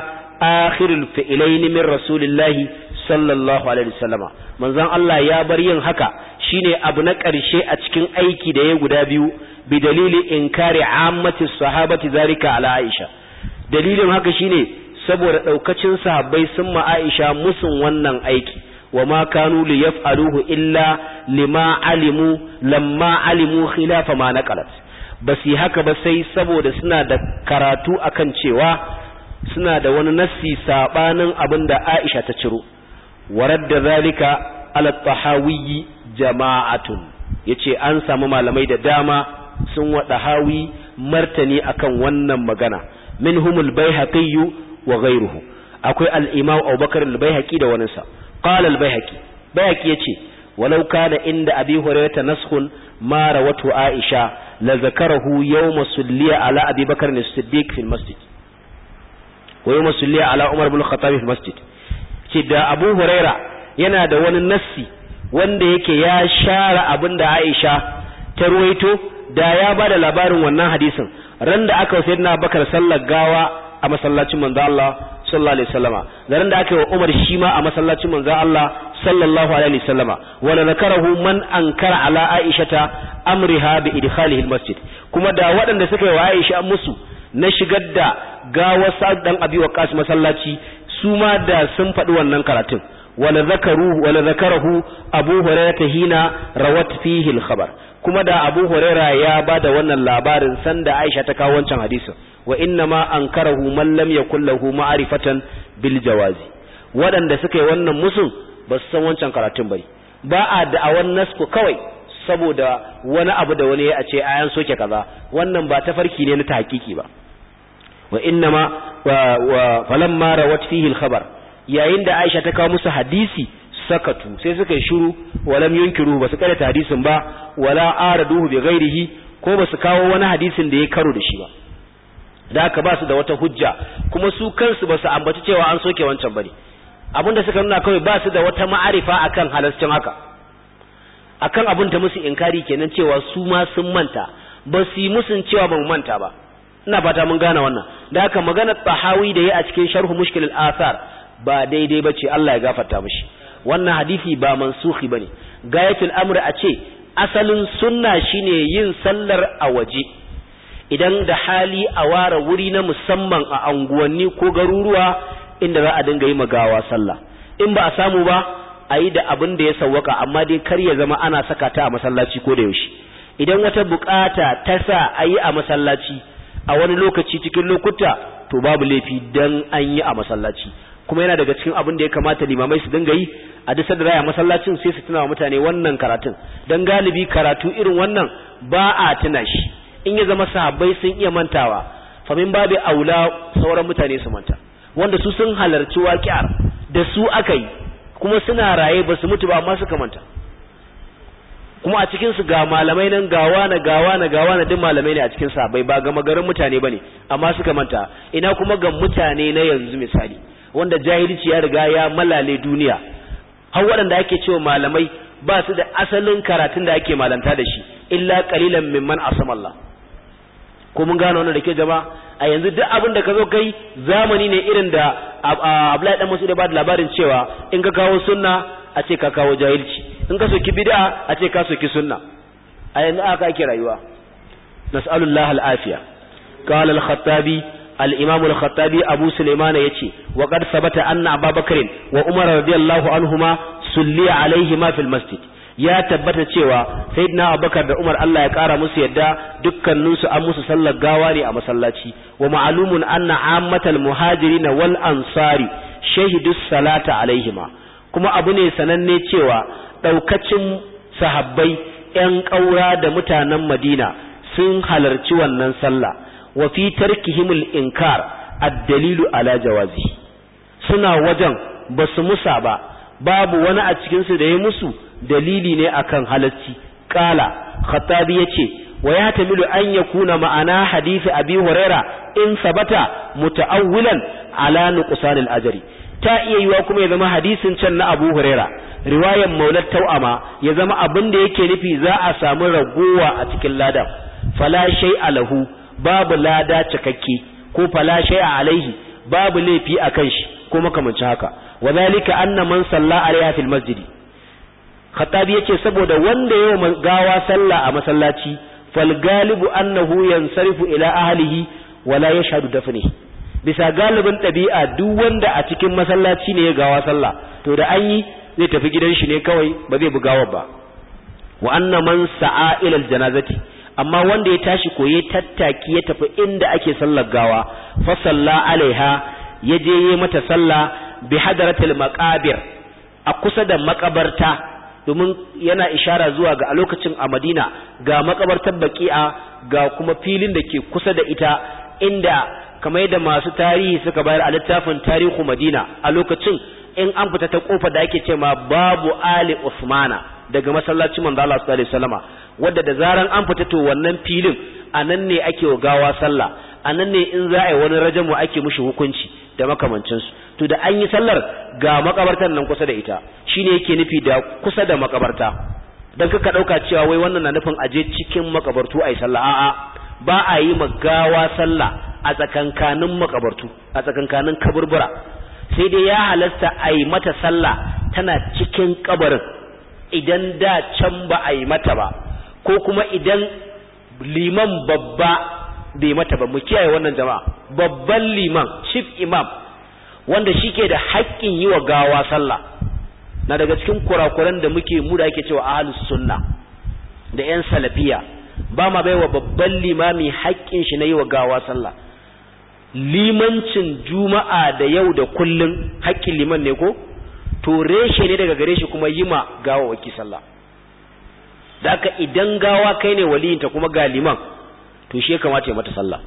akhirul fi'ilaini min rasulillahi sallallahu alaihi wasallama manzon Allah ya bar yin haka shine abu na ƙarshe a cikin aiki da ya guda biyu bi dalili inkari ammati sahabati zalika ala Aisha dalilin haka shine saboda daukacin sahabbai sun ma Aisha musun wannan aiki wa ma kanu li yaf'aluhu illa lima alimu lamma alimu khilafa ma naqalat basi haka ba sai saboda suna da karatu akan cewa suna da wani nassi sabanin abin da Aisha ta ciro waradda zalika ala tahawi jama'atun yace an samu malamai da dama sun waɗa hawi martani akan wannan magana minhumul baihaqi wa gairuhu akwai al-imam Abubakar bai haƙi da waninsa haƙi bai haƙi ya yace walau da inda Abi ta naskun mara wato Aisha la zakarahu yawma sulliya ala Abi Bakr as-Siddiq fil masjid wa ala Umar bin al fil masjid ce da abu huraira yana da wani nassi wanda yake ya share abin da aisha ta ruwaito da ya ba da labarin wannan hadisin ran da aka sai na bakar sallar gawa a masallacin manzo Allah sallallahu alaihi wasallama da ran da aka wa Umar shi ma a masallacin manzo Allah sallallahu alaihi wasallama wala nakarahu man ankara ala aishata amriha bi idkhalihi almasjid kuma da waɗanda suka yi wa Aisha musu na shigar da gawar sa dan abi waqas masallaci su ma da sun faɗi wannan karatun wala zakaru wala zakarahu abu ta hina rawat fihi al-khabar kuma da abu hurairah ya ba da wannan labarin sanda aisha ta kawo wancan hadisin wa inna ma ankarahu man lam yakul lahu ma'rifatan bil jawazi waɗanda suka yi wannan musun ba su san wancan karatun bari ba a da'awan nasku kawai saboda wani abu da wani ya ce ayan soke kaza wannan ba ta farki ne na tahqiqi ba wa innama wa falamma rawat fihi al-khabar yayin da Aisha ta kawo musu hadisi sakatu sai suka yi shiru walam yunkiru ba su ta hadisin ba wala araduhu bi ghairihi ko ba su kawo wani hadisin da ya karo da shi ba da haka ba su da wata hujja kuma su kansu ba su ambaci cewa an soke wancan bane abinda suka nuna kawai ba su da wata ma'arifa akan halascin haka akan abin da musu inkari kenan cewa su ma sun manta ba su yi musun cewa ba mu manta ba ina fata mun gane wannan da haka maganar tahawi da yi a cikin sharhu mushkil al-athar ba daidai bace Allah ya gafarta mishi wannan hadisi ba mansukhi bane gayatul amr a ce asalin sunna shine yin sallar a waje idan da hali a ware wuri na musamman a anguwanni ko garuruwa inda za a dinga yi magawa sallah in ba a samu ba a yi da abin da ya sawwaka amma dai kar ya zama ana saka ta a masallaci ko da yaushe idan wata bukata ta sa a yi a masallaci a wani lokaci cikin lokuta to babu laifi dan an yi a masallaci kuma yana daga cikin abin da ya kamata limamai su dinga yi a duk da raya masallacin sai su tuna wa mutane wannan karatun dan galibi karatu irin wannan ba a tuna shi in ya zama sahabbai sun iya mantawa fa min babu aula sauran mutane su manta wanda su sun halarci waƙiyar da su aka yi kuma suna raye ba su mutu ba amma suka manta kuma a cikin su ga malamai nan ga wani ga wani ga wani duk malamai ne a cikin bai ba ga magarin mutane bane amma suka manta ina kuma ga mutane na yanzu misali wanda jahilci ya riga ya malale duniya har waɗanda ake cewa malamai ba su da asalin karatun da ake malanta da shi illa qalilan mimman asamallah ko mun gano wannan da ke jama'a a yanzu duk abin da ka zo kai zamani ne irin da Abdullahi dan Mas'ud ya ba da labarin cewa in ka kawo sunna a ce ka kawo jahilci in ka soki bid'a a ce ka soki sunna a yanzu aka ake rayuwa nas'alullah al'afiya qala al-khattabi al-imam al-khattabi abu sulaiman yace wa qad sabata anna abubakar wa umar radiyallahu anhuma sulli alaihi ma fil masjid ya tabbata cewa sayyidina abubakar da umar Allah ya kara musu yadda dukkaninsu an musu sallar gawa ne a masallaci wa ma'lumun anna ammatal muhajirin wal ansari shahidu salata alaihima kuma abu ne sananne cewa ɗaukacin sahabbai ‘yan ƙaura da mutanen Madina sun halarci wannan sallah wa fi tarkihimul inkar ad-dalilu ala jawazi suna wajen ba su musa ba babu wani a cikinsu da ya musu dalili ne akan halarci kala khattabi yace wa ya tamilu an yakuna ma'ana hadisi abi huraira in sabata muta'awwilan ala nuqsanil ajri ta iya yiwa kuma ya zama hadisin can na Abu Huraira riwayan maulat tau'ama ya zama abin da yake nufi za a samu ragowa a cikin ladan fala shay alahu babu lada cikakke ko fala shay alaihi babu laifi akan shi ko makamanci haka wadhalika anna man salla alaiha fil masjid khattabi yace saboda wanda yau gawa sallah a masallaci fal galibu annahu yansarifu ila ahlihi wala yashhadu dafnihi bisa galibin ɗabi'a duk wanda a cikin masallaci ne ya gawa sallah to da an yi zai tafi gidan shi ne kawai ba zai bugawa ba wa anna man sa'a ila janazati amma wanda ya tashi koye tattaki ya tafi inda ake sallar gawa fa salla alaiha ya je yi mata sallah bi hadaratil maqabir a kusa da makabarta domin yana ishara zuwa ga a lokacin a Madina ga makabartar Baƙi'a ga kuma filin da ke kusa da ita inda kamar yadda masu tarihi suka bayar a littafin tarihu madina a lokacin in an fita ta kofa da ake cewa babu ali usmana daga masallaci manzo Allah sallallahu alaihi wanda da zaran an fita to wannan filin anan ne ake gawa sallah anan ne in za a yi wani rajamu ake mushi hukunci da makamancin su to da an yi sallar ga makabartan nan kusa da ita shine yake nufi da kusa da makabarta dan kaka dauka cewa wai wannan na nufin aje cikin makabartu ai sallah a'a ba a yi magawa sallah a tsakankanin makabartu a tsakankanin kaburbura sai dai ya halasta a yi mata sallah tana cikin kabarin idan da can ba a yi mata ba ko kuma idan liman babba bai mata ba mu kiyaye wannan jama'a babban liman chief imam wanda shi ke da haƙƙin yi wa gawa sallah na daga cikin kurakuran da muke mu da ake cewa ahlus sunna da 'yan salafiya ba ma bai wa babban limami haƙƙin shi na yi wa gawa sallah limancin juma'a da yau da kullun haƙƙin liman ne ko to reshe ne daga gare shi kuma yima gawa waki sallah daka idan gawa kai ne waliyinta kuma ga liman to shi ya kamata ya mata sallah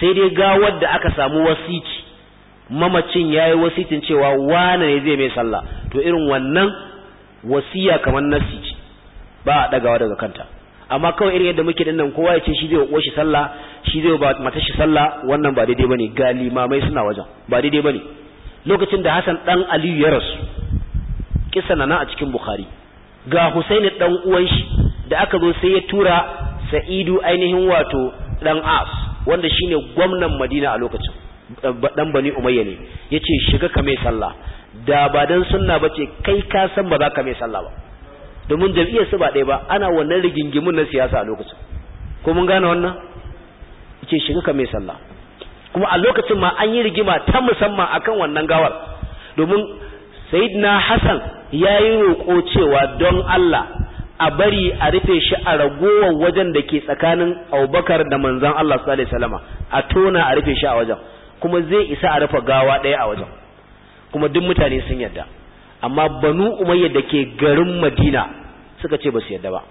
sai dai gawar da aka samu wasici mamacin yayi wasicin cewa wane ne zai mai sallah to irin wannan wasiya kamar nasici ba a ɗagawa daga kanta amma kawai irin yadda muke dinnan kowa ya ce shi zai wa shi sallah shi zai ba mata shi sallah wannan ba daidai bane ga limamai suna wajen ba daidai bane lokacin da Hassan dan Aliyu ya rasu kisa na a cikin Bukhari ga Husaini dan uwan shi da aka zo sai ya tura Sa'idu ainihin wato dan As wanda shine gwamnan Madina a lokacin dan Bani Umayya ne yace shiga ka mai sallah da ba dan sunna bace kai ka san ba za ka mai sallah ba domin jam'iyyar su ba ɗaya ba ana wannan rigingimun na siyasa a lokacin ko mun gane wannan yake shiga ka mai sallah kuma a lokacin ma an yi rigima ta musamman akan wannan gawar domin na Hassan ya yi roƙo cewa don Allah a bari a rufe shi a ragowar wajen da ke tsakanin abubakar da manzan Allah su salama a tona a rufe shi a wajen kuma zai isa a rufe gawa ɗaya a wajen kuma duk mutane sun yarda amma banu umayya da ke garin madina suka ce ba su yadda ba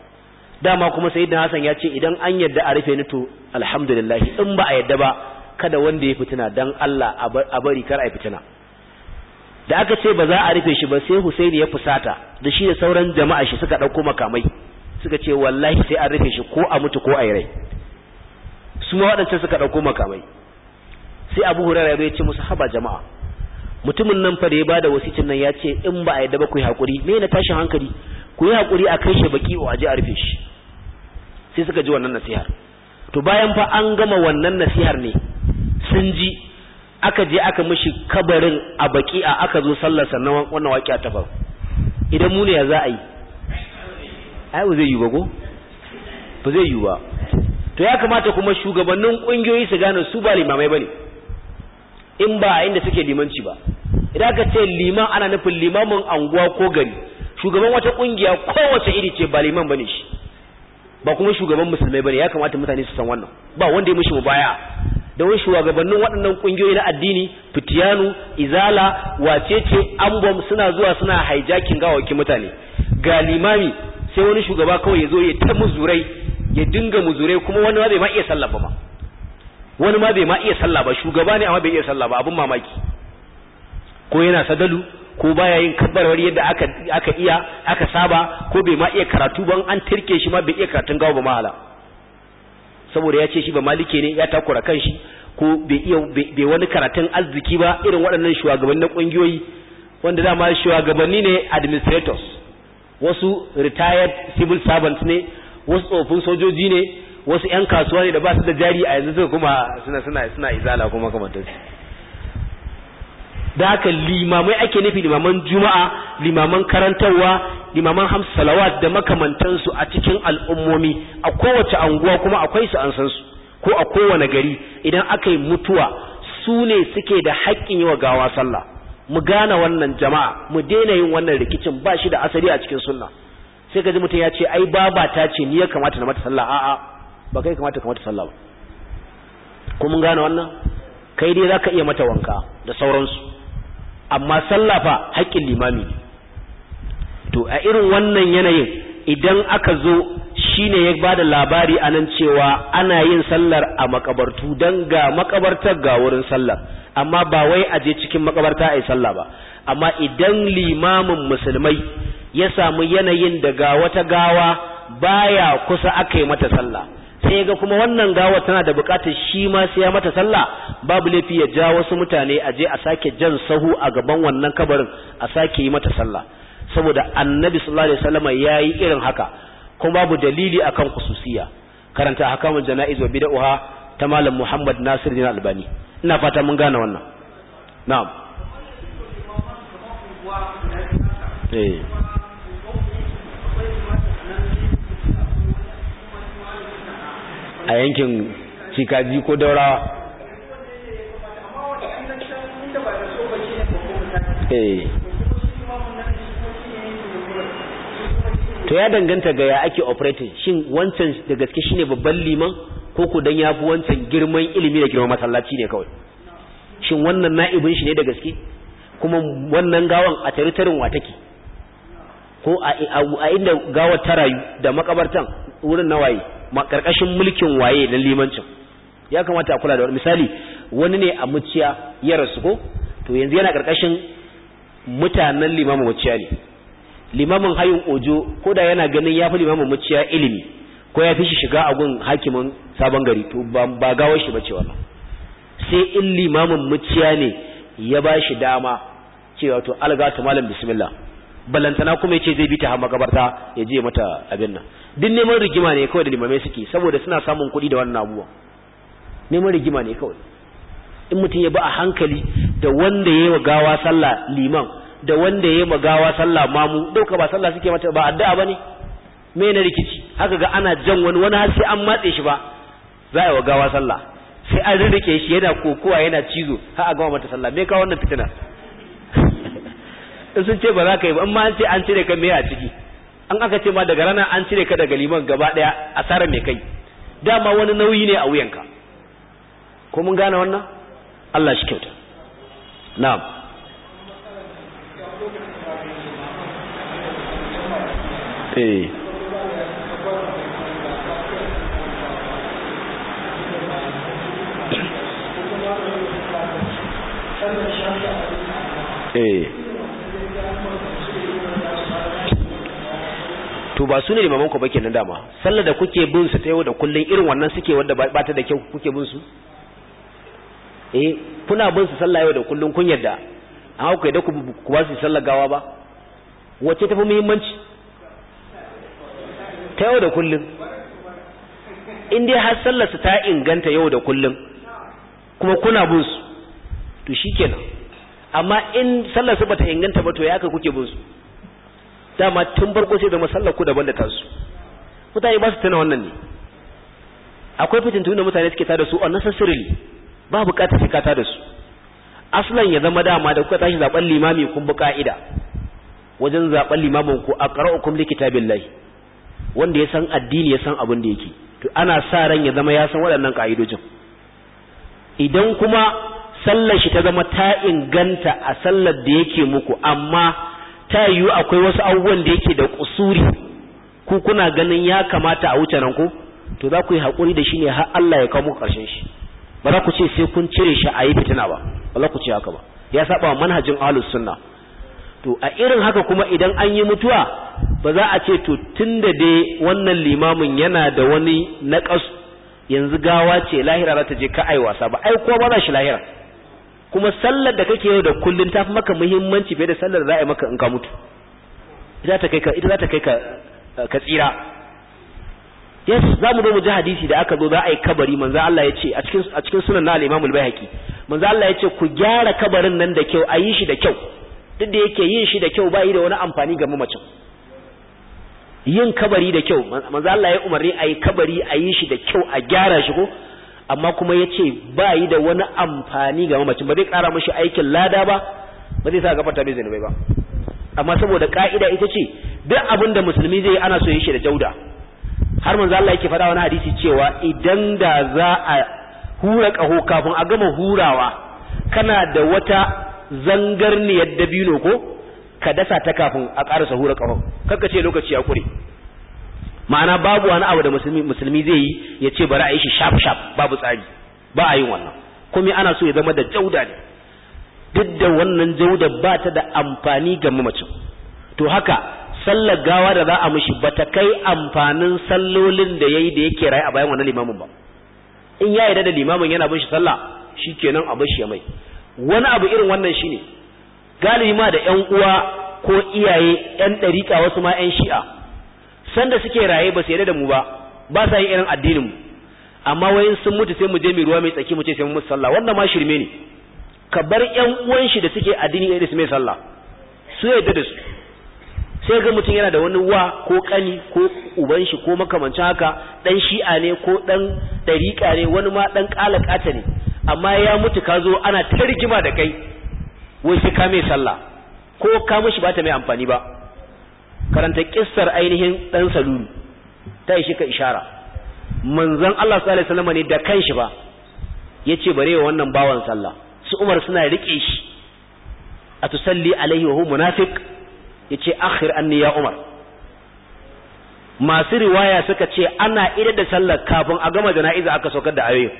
dama kuma sai da hasan ya ce idan an yadda a rufe ni to alhamdulillah in ba a yadda ba kada wanda ya fitina dan Allah a bari kar a fitina da aka ce ba za a rufe shi ba sai Husaini ya fusata da shi da sauran jama'a shi suka dauko makamai suka ce wallahi sai an rufe shi ko a mutu ko a yi rai su ma waɗancan suka ɗauko makamai sai Abu Hurairah ya ce musu haba jama'a mutumin nan fa da ya bada wasicin nan ya ce in ba a yadda ba ku yi haƙuri me na tashin hankali ku yi haƙuri a kai shi baki a aje a rufe shi sai suka ji wannan nasihar to bayan fa an gama wannan nasihar ne sun ji aka je aka mishi kabarin a baki a aka zo sallar sannan wannan waƙiya ta faru idan mu ne ya za a yi ai ba zai yi ba ko ba zai yi ba to ya kamata kuma shugabannin kungiyoyi su gane su ba limamai bane in ba a inda suke limanci ba idan aka ce liman ana nufin limamin anguwa ko gari shugaban wata kungiya kowace iri ce ba liman bane shi ba kuma shugaban musulmai bane ya kamata mutane su san wannan ba wanda ya mishi baya. da wani shugabannin waɗannan kungiyoyi na addini fitiyanu izala wacece ambom suna zuwa suna hijacking gawaki mutane ga limami sai wani shugaba kawai ya zo ya ta muzurai ya dinga muzurai kuma wani ma bai ma iya sallah ba wani ma bai ma iya sallah ba shugaba ne amma bai iya sallah ba abin mamaki ko yana sadalu ko baya yin kabbarwar yadda aka aka iya aka saba ko bai ma iya karatu ban an tirke shi ma bai iya karatun gawo ba mahala saboda ya ce shi ba malike ne ya takura kan shi ko bai iya bai wani karatun arziki ba irin waɗannan shugabanni na kungiyoyi wanda dama shugabanni ne administrators wasu retired civil servants ne wasu tsofin sojoji ne wasu 'yan kasuwa ne da ba su da jari a yanzu suka kuma suna suna suna izala kuma kamar da haka limamai ake nufi limaman juma'a limaman karantarwa limaman hamsu da makamantansu a cikin al'ummomi a kowace anguwa kuma akwai su an san su ko a kowane gari idan aka yi mutuwa su ne suke da haƙƙin yi wa gawa sallah mu gane wannan jama'a mu daina yin wannan rikicin ba shi da asali a cikin sunna sai ka ji mutum ya ce ai baba ta ce ni ya kamata na mata sallah a'a ba kai kamata ka mata sallah ba ko mun gane wannan kai dai zaka iya mata wanka da sauransu amma sallah fa haƙƙin limami ne to a irin wannan yanayin idan aka zo shine ya bada labari anan cewa ana yin sallar a makabartu dan ga makabartar ga wurin sallar amma ba wai a je cikin makabarta ai sallah ba amma idan limamin musulmai ya samu yanayin da ga wata gawa baya kusa aka yi mata sallah sai ga kuma wannan gawar tana da bukatar shi ma sai ya mata sallah babu laifi ya ja wasu mutane a je a sake jan sahu a gaban wannan kabarin a sake yi mata sallah saboda annabi sallallahu alaihi wasallam yayi irin haka kuma babu dalili akan kususiya karanta hakamul janaiz wa bid'uha ta malam Muhammad Nasir bin Albani ina fata mun gane wannan na'am eh. a yankin cikaji ko daurawa eh. to ya danganta ga ya ake operating shin wancan da gaske shi ne babban liman ko ku dan yafi wancan girman ilimi da girman masallaci ne kawai shin wannan na'ibin shi ne da gaske kuma wannan gawan a taritarin wa take ko a inda gawar ta rayu da makabartan wurin nawaye karkashin mulkin waye na limancin ya kamata a kula da wani misali wani ne a muciya ya rasu ko to yanzu yana karkashin mutanen limamin muciya ne limamin hayin ojo ko da yana ganin ya fi limamin muciya ilimi ko ya fi shi shiga a gun hakimin sabon gari to ba gawar shi bace wannan sai in limamin muciya ne ya ba shi dama cewa to alga ta malam bismillah balantana kuma yace zai bi ta Hama magabarta ya je mata abin nan duk neman rigima ne kawai da limamai suke saboda suna samun kuɗi da wannan abubuwan neman rigima ne kawai in mutum ya bi a hankali da wanda ya yi wa gawa sallah liman da wanda ya yi wa gawa sallah mamu dauka ba sallah suke mata ba addu'a bane me na rikici haka ga ana jan wani wani har sai an matse shi ba za a yi wa gawa sallah sai an rirrike shi yana kokowa yana cizo har a gama mata sallah me ka wannan fitina in sun ce ba za ka yi ba amma an ce an cire ka me a ciki an aka ce ma daga rana an cire ka daga liman gaba daya asara mai kai dama wani nauyi ne a wuyanka ko mun gane wannan Allah shi kyauta na'am eh Hey. Eh. to ba su ne limaman ku ba kenan dama sallar da kuke bin su ta yau da kullun irin wannan suke wanda ba ta da kyau kuke bin su eh kuna bin su sallah yau da kullun kun yadda an hauka da ku ba su sallar gawa ba wacce tafi muhimmanci ta yau da kullun in dai har sallar su ta inganta yau da kullun kuma kuna bin su to shikenan amma in sallar su bata inganta ba to ya ka kuke bin su dama tun barko sai da masallar daban da tasu mutane ba su tana wannan ne akwai fitintu da mutane suke tada su sirri ba bukatar shi ka da su aslan ya zama dama da kuka tashi zaben limami kun bi ka'ida wajen zaben limamin ku aqra'ukum likitabillahi wanda ya san addini ya san abin da yake to ana sa ran ya zama ya san waɗannan ka'idojin idan kuma sallar shi ta zama ta inganta a sallar da yake muku amma ta yiwu akwai wasu abubuwan da yake da kusuri ku kuna ganin ya kamata a wuce nan ku to za ku yi haƙuri da shi ne har Allah ya kawo muku ƙarshen shi ba za ku ce sai kun cire shi a yi fitina ba ba za ku ce haka ba ya saba manhajin ahlus sunna to a irin haka kuma idan an yi mutuwa ba za a ce to tunda dai wannan limamin yana da wani naqas yanzu gawa ce lahira za ta je ka ai wasa ba ai ko ba za shi lahira kuma sallar da kake yau da kullun tafi maka muhimmanci fiye da sallar da za a yi maka in ka mutu ita ta kai ka ita za ta kai ka eh, ka tsira yes za mu zo mu ji hadisi da aka zo za a yi kabari manzo Allah ya ce a cikin a cikin sunan na al-Imam al-Baihaqi manzo Allah ya ce ku gyara kabarin nan da kyau a yi shi da kyau duk da yake yin shi da kyau ba yi da wani amfani ga mamacin yin kabari da kyau manzo Allah ya umarni a yi kabari a yi shi da kyau a gyara shi ko amma kuma ya ce ba yi da wani amfani ga mamacin ba zai ƙara mashi aikin lada ba ba zai sa ta mai zanubai ba amma saboda ka'ida ita ce duk abin da musulmi zai yi ana so ya shi da jauda har manzo Allah yake faɗa wani hadisi cewa idan da za a hura ƙaho kafin a gama hurawa kana da wata zangarniyar dabino ko ka dasa ta kafin a ƙarasa hura ƙaho ka ce lokaci ya kure ma'ana babu wani abu da musulmi zai yi ya ce bari a yi shi shaf shaf babu tsari ba a yin wannan kuma ana so ya zama da jauda ne duk da wannan jauda ba ta da amfani ga mamacin to haka sallar gawa da za a mishi ba ta kai amfanin sallolin da ya yi da yake raye a bayan wannan limamin ba in ya yarda da limamin yana bin shi sallah shikenan a bar shi ya mai wani abu irin wannan shine galibi ma da 'yan uwa ko iyaye yan ɗariƙa wasu ma 'yan shi'a sanda suke raye ba su yarda da mu ba ba sa yin irin addinin mu amma wayin sun mutu sai mu je mu ruwa mai tsaki mu ce sai mu musu sallah wannan ma shirme ne ka bar ƴan uwan shi da suke addini irin su mai sallah su yarda da su sai ga mutum yana da wani wa ko kani ko uban shi ko makamancin haka ɗan shi'a ne ko dan ɗariƙa ne wani ma dan kalakata ne amma ya mutu ka zo ana ta rigima da kai wai sai ka mai sallah ko ka shi ba ta mai amfani ba karanta kissar ainihin dan salulu ta yi ka ishara manzon Allah sallallahu alaihi wasallam ne da kanshi ba yace bare wa wannan bawan sallah su Umar suna rike shi a tusalli alaihi wa huwa munafiq yace akhir anni ya Umar masu riwaya suka ce ana ida da sallar kafin a gama jana'iza aka saukar da ayoyin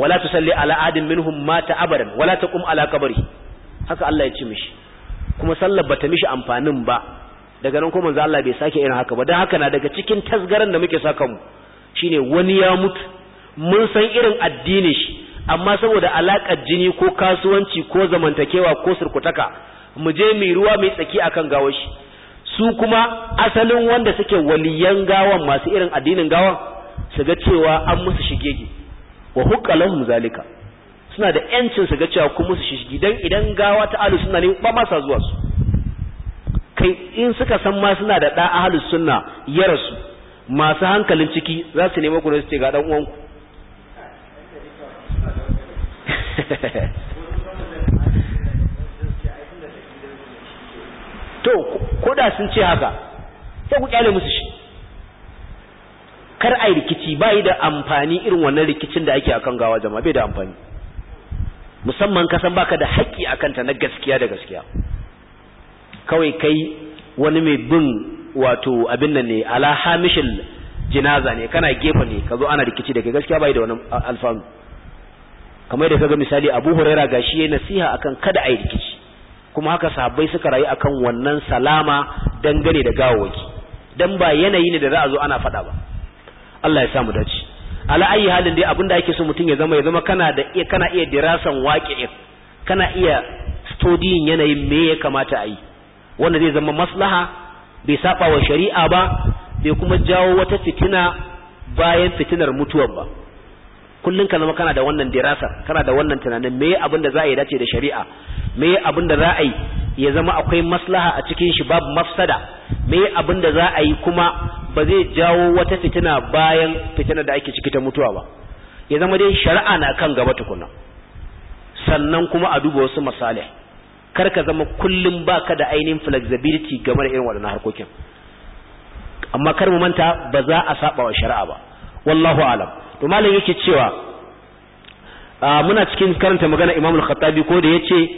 wala tusalli ala adin minhum mata abadan wala taqum ala qabri haka Allah ya ce mishi kuma sallar bata mishi amfanin ba daga nan kuma Allah bai sake irin haka ba dan haka na daga cikin tasgaran da muke saka mu shine wani ya mutu mun san irin addini shi amma saboda alakar jini ko kasuwanci ko zamantakewa ko surkutaka mu je mai ruwa mai tsaki akan gawar shi su kuma asalin wanda suke waliyan gawan masu irin addinin gawan su ga cewa an musu shigege wa hukka zalika suna da yancin su ga cewa kuma su shishigi gidan idan gawa ta ahalus suna ne ba zuwa su kai in suka san ma suna da ɗa ahalus suna ya rasu masu hankalin ciki za su nemi kuna su ce ga uwan uwanku to koda sun ce haka sai ku kyale musu shi kar ai rikici bai da amfani irin wannan rikicin da ake akan gawa jama'a bai da amfani musamman kasan san baka da haƙƙi a kanta na gaskiya da gaskiya kawai kai wani mai bin wato abin nan ne ala hamishin jinaza ne kana gefe ne ka zo ana rikici da kai gaskiya bai da wani alfanu kamar da kaga misali Abu Huraira gashi yayin nasiha akan kada a yi rikici kuma haka sahabbai suka rayu akan wannan salama dangane da gawawaki dan ba yanayi ne da za a zo ana faɗa ba Allah ya sa mu dace ala ayi halin dai abinda ake so mutum ya zama ya zama kana da kana iya dirasan waqi'in kana iya studying yanayin me ya kamata a yi wanda zai zama maslaha bai saba wa shari'a ba bai kuma jawo wata fitina bayan fitinar mutuwa ba kullun ka zama kana da wannan dirasa kana da wannan tunanin me abin da za a yi dace da shari'a me abin da za a yi ya zama akwai maslaha a cikin shi babu mafsada me abin da za a yi kuma ba zai jawo wata fitina bayan fitina da ake ciki ta mutuwa ba ya zama dai shari'a na kan gaba tukuna sannan kuma a duba wasu misali kar ka zama kullum baka da ainihin flexibility game da irin waɗannan harkokin amma kar mu manta ba za a saba wa shari'a ba wallahu alam to malam yake cewa muna cikin karanta magana imamul khattabi ko da yace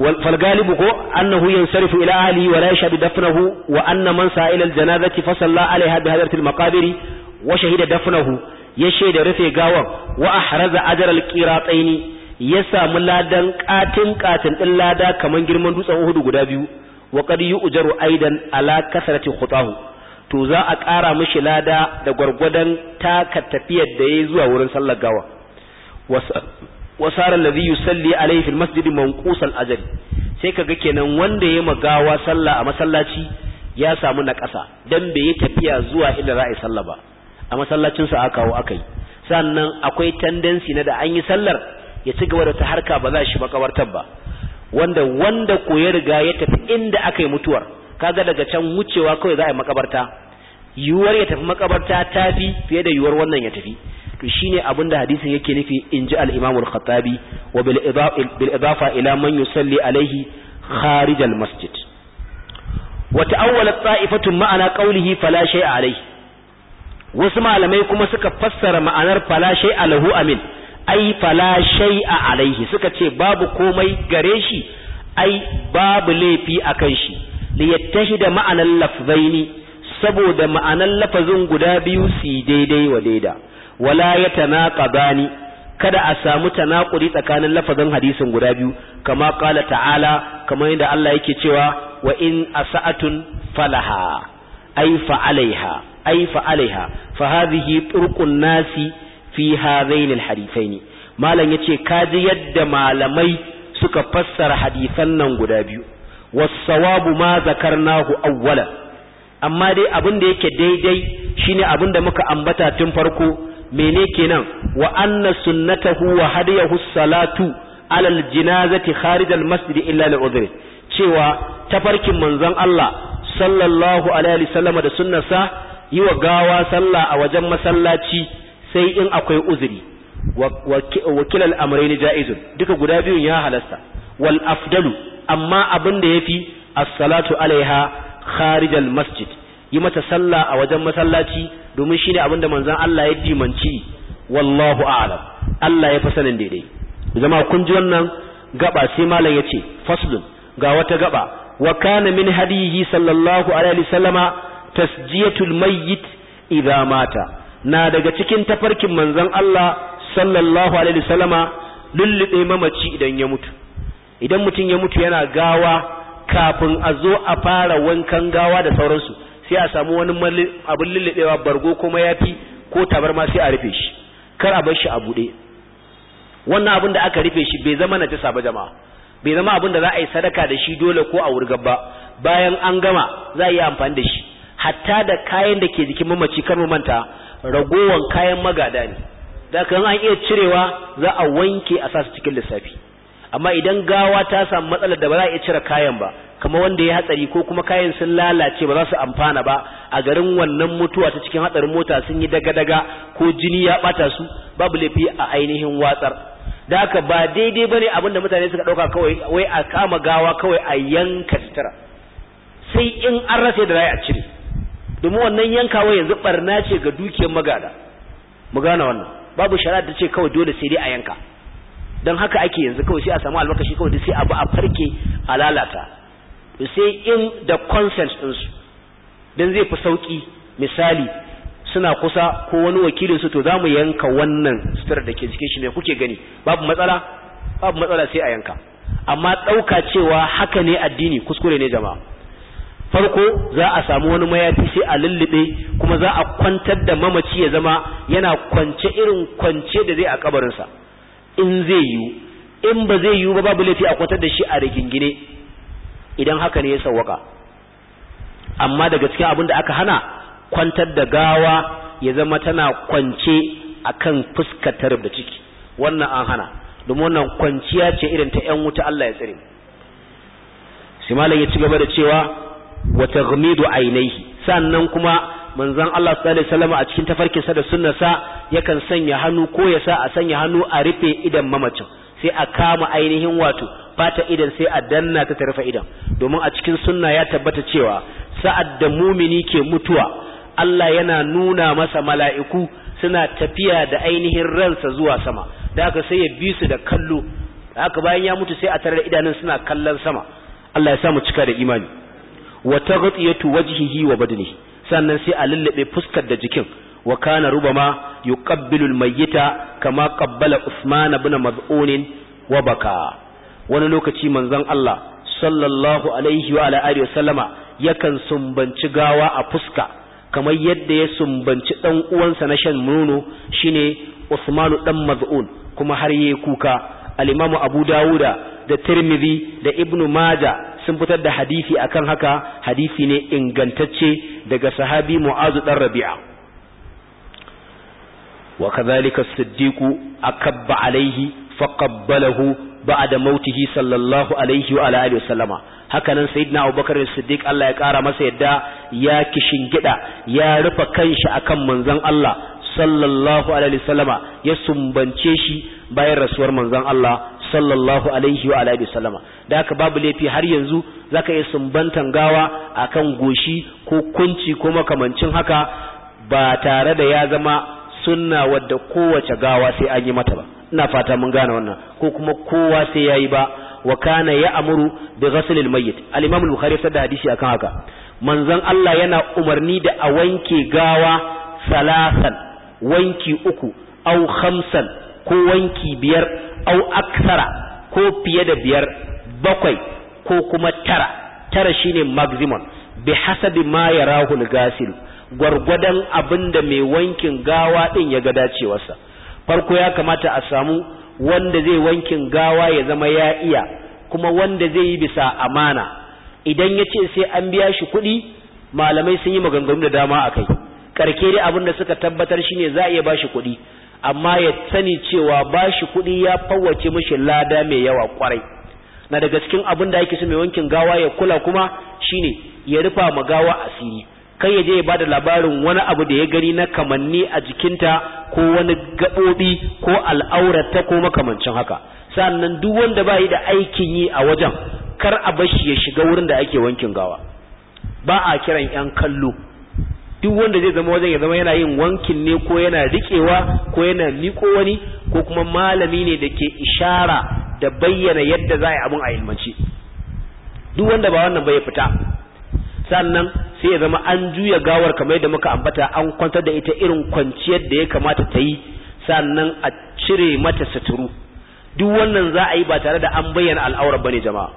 wal galibu ko annahu yansarifu ila ali wa la yashadu dafnahu wa anna man sa ila al janazati fa salla alaiha wa shahida dafnahu ya shaida rufe gawan wa ahraza ajarar kira qirataini ya samu ladan qatin qatin ɗin lada kaman girman dutsen hudu guda biyu wa qad yu'jaru aidan ala kasrati khutahu to za a ƙara mishi lada da gwargwadon taka tafiyar da ya zuwa wurin sallar gawa wasarar lazi Salli alaihi laifin masjidi mankusan ajali sai ka ga kenan wanda ya magawa salla a masallaci ya samu na ƙasa don bai yi tafiya zuwa inda za a yi sallah ba a masallacinsa a kawo aka yi sannan akwai tendensi na da an yi sallar ya ci gaba da ta harka ba za shi makabartar ba wanda wanda ko ya riga ya tafi inda aka yi mutuwar kaga daga can wucewa kawai za a yi makabarta yiwuwar ya tafi makabarta fi fiye da yiwuwar wannan ya tafi to shine abin da hadisin yake nufi in ji al-Imam al-Khattabi wa bil idafa ila man yusalli alaihi kharij al-masjid wa ta'awwala ta'ifatu ma'ana qawlihi fala shay'a alaihi wasu malamai kuma suka fassara ma'anar fala shay'a lahu amin ai fala shay'a alaihi suka ce babu komai gare shi ai babu laifi akan shi da ma'anan lafzaini saboda ma'anan lafazin guda biyu su daidai wa daida wala ya tanaqabani kada a samu tanakuri tsakanin lafazin hadisin guda biyu kama qala ta'ala kamar yadda Allah yake cewa wa in asa'atun falaha ay fa alaiha ay fa alaiha fa hadhihi turqun nasi fi hadhain alhadithain malam yace kaji yadda malamai suka fassara hadisan nan guda biyu was-sawabu ma zakarnahu awwalan amma dai abin da yake daidai shine abin da muka ambata tun farko mene kenan wa anna sunnatahu wa hadiyahu salatu alal jinazati kharij al-masjid illa li'udhri cewa tafarkin manzon Allah sallallahu alaihi wasallam da sunnarsa yi wa gawa sallah a wajen masallaci sai in akwai uzuri wa kilal amrayni jaizun duka guda biyun ya halasta wal afdalu amma abin da yafi as-salatu alaiha kharijal masjid yi mata sallah a wajen masallaci domin shine abin da manzon Allah ya dimanci wallahu a'lam Allah ya fi sanin daidai zama kun ji wannan gaba sai malam yace faslun ga wata gaba wa kana min hadihi sallallahu alaihi wasallama tasjiyatul mayyit idza mata na daga cikin tafarkin manzon Allah sallallahu alaihi wasallama lullube mamaci idan ya mutu idan mutum ya mutu yana gawa kafin a zo a fara wankan gawa da sauransu sai a samu wani abin lullubewa bargo kuma ya fi ko tabarma sai a rufe shi kar a bar shi a buɗe. wannan abin da aka rufe shi bai zama najasa ba jama'a bai zama abin da za a yi sadaka da shi dole ko a wurgar ba bayan an gama za a yi amfani da shi hatta da kayan da ke jikin mamaci kar mu manta ragowan kayan magada ne da kan an iya cirewa za a wanke a sa su cikin lissafi amma idan gawa ta samu matsalar da ba za a iya cire kayan ba kamar wanda ya hatsari ko kuma kayan sun lalace ba za su amfana ba a garin wannan mutuwa ta cikin hatsarin mota sun yi daga-daga ko jini ya bata su babu laifi a ainihin watsar da haka ba daidai bane abin da mutane suka dauka kawai wai a kama gawa kawai a yanka sutura sai in an rasa da rai a cire domin wannan yanka wai yanzu barna ce ga dukiyar magana mu gane wannan babu shari'a ta ce kawai dole sai dai a yanka don haka ake yanzu kawai sai a samu albarkashi kawai sai abu a farke a lalata sai in da consent ɗinsu don zai fi sauƙi misali suna kusa ko wani wakilin su to za mu yanka wannan sutar da ke cikin shi mai kuke gani babu matsala babu matsala sai a yanka amma ɗauka cewa haka ne addini kuskure ne jama'a farko za a samu wani mayafi sai a lullube kuma za a kwantar da mamaci ya zama yana kwance irin kwance da zai a kabarinsa in zai yiwu in ba zai yiwu ba babu laifi a kwatar da shi a rigingine idan haka ne ya sawwaka amma daga cikin abin da aka hana kwantar da gawa ya zama tana kwance akan fuskar tarab da ciki wannan an hana domin wannan kwanciya ce irin ta yan wuta Allah ya tsare shi malam ya ci gaba da cewa wa taghmidu ainihi sannan kuma manzon Allah sallallahu alaihi wasallam a cikin tafarkinsa da sunnarsa yakan sanya hannu ko ya sa a sanya hannu a rufe idan mamacin sai a kama ainihin wato fata idan sai a danna ta tarfa idan domin a cikin sunna ya tabbata cewa sa'ad da mumini ke mutuwa Allah yana nuna masa mala'iku suna tafiya da ainihin ransa zuwa sama da haka sai ya bi su da kallo haka bayan ya mutu sai a tarar idanun suna kallon sama Allah ya sa mu cika da imani wa taghtiyatu wajhihi wa badnihi sannan sai a lullube fuskar da jikin wa kana rubama yuqabbilu almayyita kama qabbala Usman ibn Maz'un wa baka wani lokaci manzon Allah sallallahu alaihi wa ala alihi wa yakan sumbanci gawa a fuska kamar yadda ya sumbanci dan uwansa na shan nono shine Usman dan Maz'un kuma har yayi kuka al-Imam Abu Dawuda da Tirmidhi da Ibn Maja. sun fitar da hadisi akan haka hadisi ne ingantacce daga sahabi mu'azu dan rabi'a wa kadhalika as-siddiq akabba alaihi faqabbalahu ba'da mautihi sallallahu alaihi wa alihi wasallama hakanan sayyidina abubakar as-siddiq Allah ya kara masa yadda ya kishin gida ya rufa kanshi akan manzon Allah sallallahu alaihi wasallama ya sumbance shi bayan rasuwar manzon Allah sallallahu alaihi wa alihi sallama da haka babu laifi har yanzu zaka iya sumbantan gawa akan goshi ko kunci ko makamancin haka ba tare da ya zama sunna wadda kowace gawa sai an yi mata ba ina fata mun gane wannan ko kuma kowa sai yayi ba wa kana ya'muru bi ghasl mayyit al-imam al-bukhari da hadisi akan haka manzon Allah yana umarni da a wanke gawa salasan wanki uku au khamsan ko wanki biyar au aksara ko fiye da biyar bakwai ko kuma tara tara shine maximum bi hasabi ma ya rahul gasil gwargwadon abinda mai wankin gawa din ya ga dacewarsa farko ya kamata a samu wanda zai wankin gawa ya zama ya iya kuma wanda zai yi bisa amana idan ya ce sai an biya shi kuɗi malamai sun yi maganganu da dama a kai karke dai abin da suka tabbatar shine za a iya ba shi kuɗi amma ya sani cewa bashi kuɗi ya fawace mashi lada mai yawa kwarai na daga cikin abin da yake so mai wankin gawa ya kula kuma shine ya rufa ma gawa asiri kai ya je ya bada labarin wani abu da ya gani na kamanni a jikinta ko wani gaɓobi ko al'aurata ko makamancin haka sannan duk wanda ba yi da aikin yi a wajen kar a bashi ya shiga wurin da ake wankin gawa ba a kiran 'yan kallo duk wanda zai zama wajen ya zama yana yin wankin ne ko yana riƙewa ko yana miko wani ko kuma malami ne da ke ishara da bayyana yadda za a yi abin a ilmanci duk wanda ba wannan bai fita sannan sai ya zama an juya gawar kamar yadda muka ambata an kwantar da ita irin kwanciyar da ya kamata ta yi sannan a cire mata suturu duk wannan za a yi ba tare da an bayyana al'aurar ne jama'a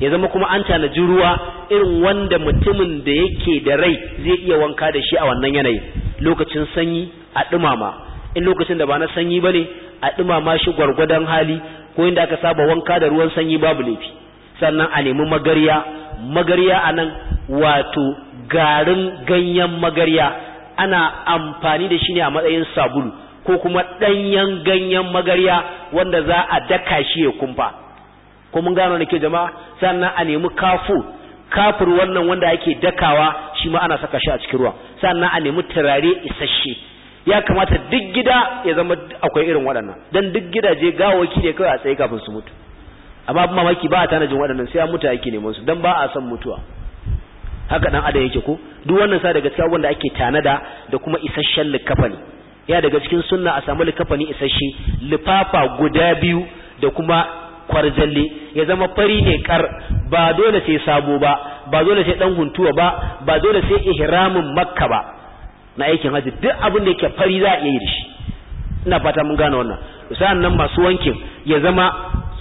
ya zama kuma an tanaji ruwa irin wanda mutumin da yake da rai zai iya wanka da shi a wannan yanayi lokacin sanyi a dumama in lokacin da ba na sanyi bane a dumama shi gwargwadon hali ko inda aka saba wanka da ruwan sanyi babu laifi sannan a nemi magarya magarya nan wato garin ganyen magarya ana amfani da shi ne a matsayin sabulu ko kuma ɗanyen ganyen magarya wanda za a daka shi ya kumfa ko mun gano ne ke jama'a sannan a nemi kafu kafur wannan wanda ake dakawa shi ma ana saka shi a cikin ruwa sannan a nemi turare isasshe ya kamata duk gida ya zama akwai irin waɗannan dan duk gidaje gawaki ne kawai a tsaye kafin su mutu amma mamaki ba a tanajin waɗannan sai an mutu ake neman su dan ba a son mutuwa haka dan adam yake ko duk wannan sa daga cikin wanda ake tanada da kuma isasshen likafani ya daga cikin sunna a samu likafani isasshe lifafa guda biyu da kuma kwarjalle ya zama fari ne kar ba dole sai sabo ba ba dole sai dan huntuwa ba ba dole sai ihramin makka ba na aikin haji duk abin da yake fari za a iya yi da shi ina fata mun gane wannan sa'an nan masu wankin ya zama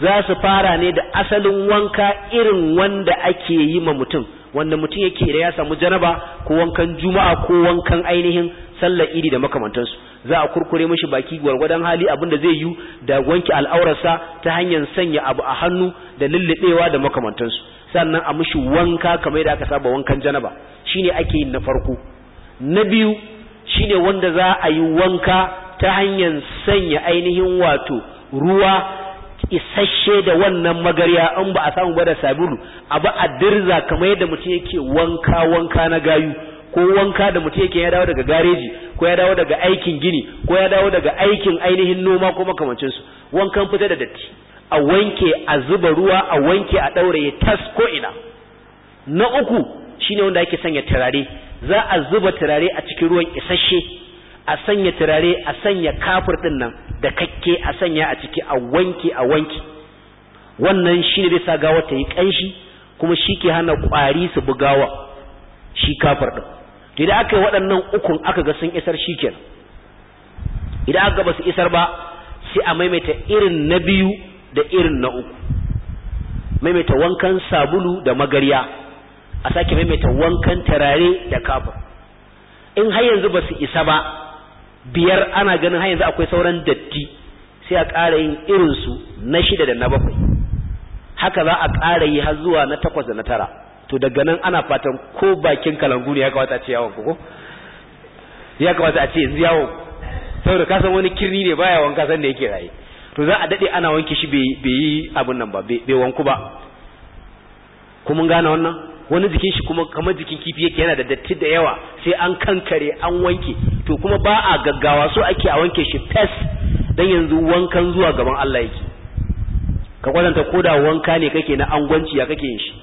za su fara ne da asalin wanka irin wanda ake yi ma mutum wanda mutum yake da ya samu janaba ko wankan juma'a ko wankan ainihin sallar idi da makamantansu za a kurkure mashi baki gwargwadon hali abin da zai yi da wanke al'aurarsa ta hanyar sanya abu a hannu da lullubewa da makamantansu sannan a mashi wanka kamar yadda aka saba wankan janaba shine ake yin na farko na biyu shine wanda za a yi wanka ta hanyar sanya ainihin wato ruwa isasshe da wannan magarya an ba a samu ba da sabulu ba a dirza kamar yadda mutum yake wanka wanka na gayu ko wanka da mutum yake ya dawo daga gareji ko ya dawo daga aikin gini ko ya dawo daga aikin ainihin noma ko makamancin su wankan fita da datti a wanke a zuba ruwa a wanke a daure ya tas ko ina na uku shine wanda ake sanya turare za a zuba turare a cikin ruwan isasshe a sanya turare a sanya kafir din nan da kakke a sanya a ciki a wanki a wanki wannan shi ne sa gawa ta yi kanshi kuma shi ke hana kwari su bugawa shi kafir din to idan aka yi waɗannan ukun aka ga sun isar shi ke idan aka ga ba su isar ba sai a maimaita irin na biyu da irin na uku maimaita wankan sabulu da magarya a sake maimaita wankan tarare da kafir in har yanzu ba su isa ba biyar ana ganin har yanzu akwai sauran datti sai a ƙara yin irin su na shida da na bakwai haka za a ƙara yi har zuwa na takwas da na tara to daga nan ana fatan ko bakin kalangu ne ya kawata a ce yawon koko ya kawata a ce yanzu yawon saboda ka san wani kirni ne baya wanka san da yake raye to za a dade ana wanke shi bai yi abin nan ba bai wanku ba kuma gane wannan wani jikin shi kuma kamar jikin kifi yake yana da datti da yawa sai an kankare an wanke to kuma ba a gaggawa so ake a wanke shi fes dan yanzu wankan zuwa gaban Allah yake ka kwatanta koda wanka ne kake na angwanci ya kake yin shi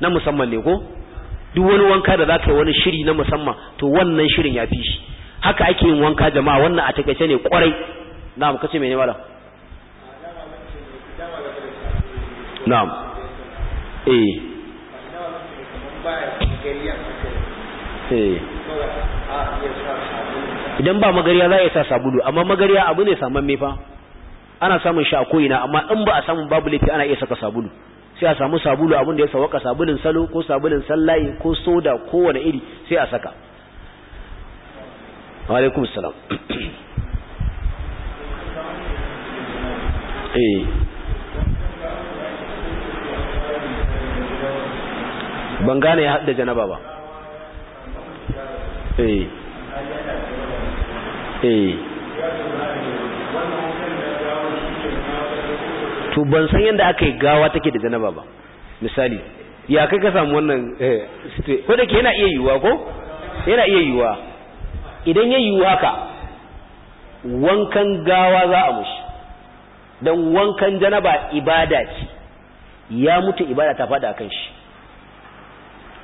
na musamman ne ko duk wani wanka da zaka yi wani shiri na musamman to wannan shirin ya fi shi haka ake yin wanka jama'a wannan a takaice ne kwarai na'am kace mene wala na'am eh Eh. idan ba magariya za a iya sa sabulu amma magariya abu ne saman mefa ana samun shi a ko'ina amma in ba a samun babu laifi ana iya saka sabulu sai a samu sabulu abin da ya sawaka sabulun salo ko sabulun sallaye ko soda ko kowane iri sai a saka alaikum salam eh. ban gane ya hadda janaba ba eh. Eh. to ban san yadda aka yi gawa take da janaba ba misali ya kai ka samu wannan eh, ko da ke yana iya yiwuwa ko yana iya yiwuwa idan ya yiwu haka wankan gawa za a mushi don wankan janaba ibada ce ya mutu ibada ta fada kan shi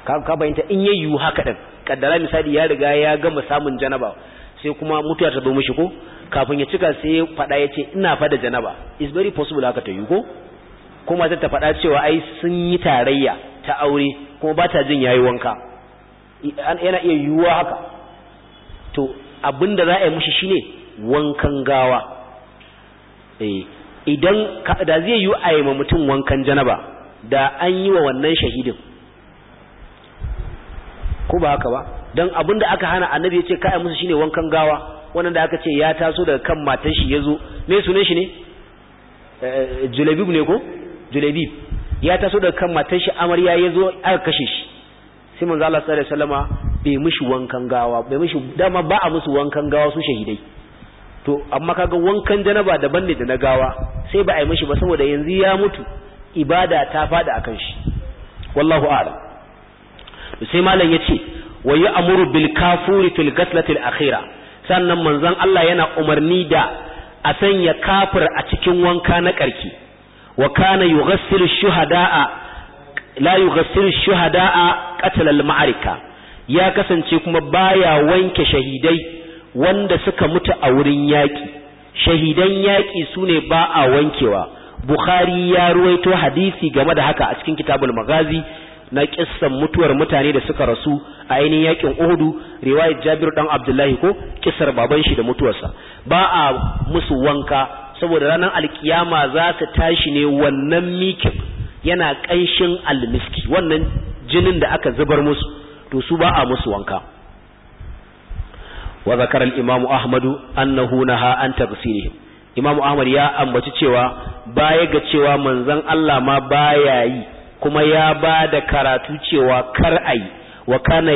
ka ka bayanta in ya yiwu haka da kaddara misali ya riga ya gama samun janaba sai kuma mutuwa ta zo mishi ko kafin ya cika sai ya fada ya ce ina fada janaba is very possible haka ta yi ko kuma zai ta fada cewa ai sun yi tarayya ta aure kuma ba ta jin yayi wanka yana iya yiwuwa haka to abinda za a yi mishi shine wankan gawa eh idan da zai yi a yi mutum wankan janaba da an yi wa wannan shahidin ko ba haka ba dan abin da aka hana annabi yace kai musu shine wankan gawa wannan da aka ce ya taso daga kan matan shi yazo me sunan shi ne eh, eh, Julabib ne ko Julabib ya taso daga kan matan shi amarya yazo aka kashe shi sai manzo Allah sallallahu alaihi wasallama bai mishi wankan gawa bai mishi dama ba a musu wankan gawa su shahidai to amma kaga wankan janaba daban ne da na gawa sai ba a yi mishi ba saboda yanzu ya mutu ibada ta fada akan shi wallahu a'lam sai malam yace wa amuru bil kafuri fil gaslatil akhira sannan manzon Allah yana umarni da a sanya kafir a cikin wanka na karki wa kana yughassilu shuhada'a la yughassilu shuhada'a qatala al ma'arika ya kasance kuma baya wanke shahidai wanda suka mutu a wurin yaki shahidan yaki sune ba a wankewa bukhari ya ruwaito hadisi game da haka a cikin kitabul magazi na kissan mutuwar mutane da suka rasu a ainihin yakin Uhudu riwayat Jabir dan Abdullahi ko kissar baban shi da mutuwarsa ba a musu wanka saboda ranar alkiyama za su tashi ne wannan mikin yana kanshin almiski wannan jinin da aka zubar musu to su ba a musu wanka wa zakar al-imam Ahmad annahu naha an tafsirihim imam Ahmad ya ambaci cewa baya ga cewa manzon Allah ma baya yi kuma ya ba da karatu cewa kar wa kana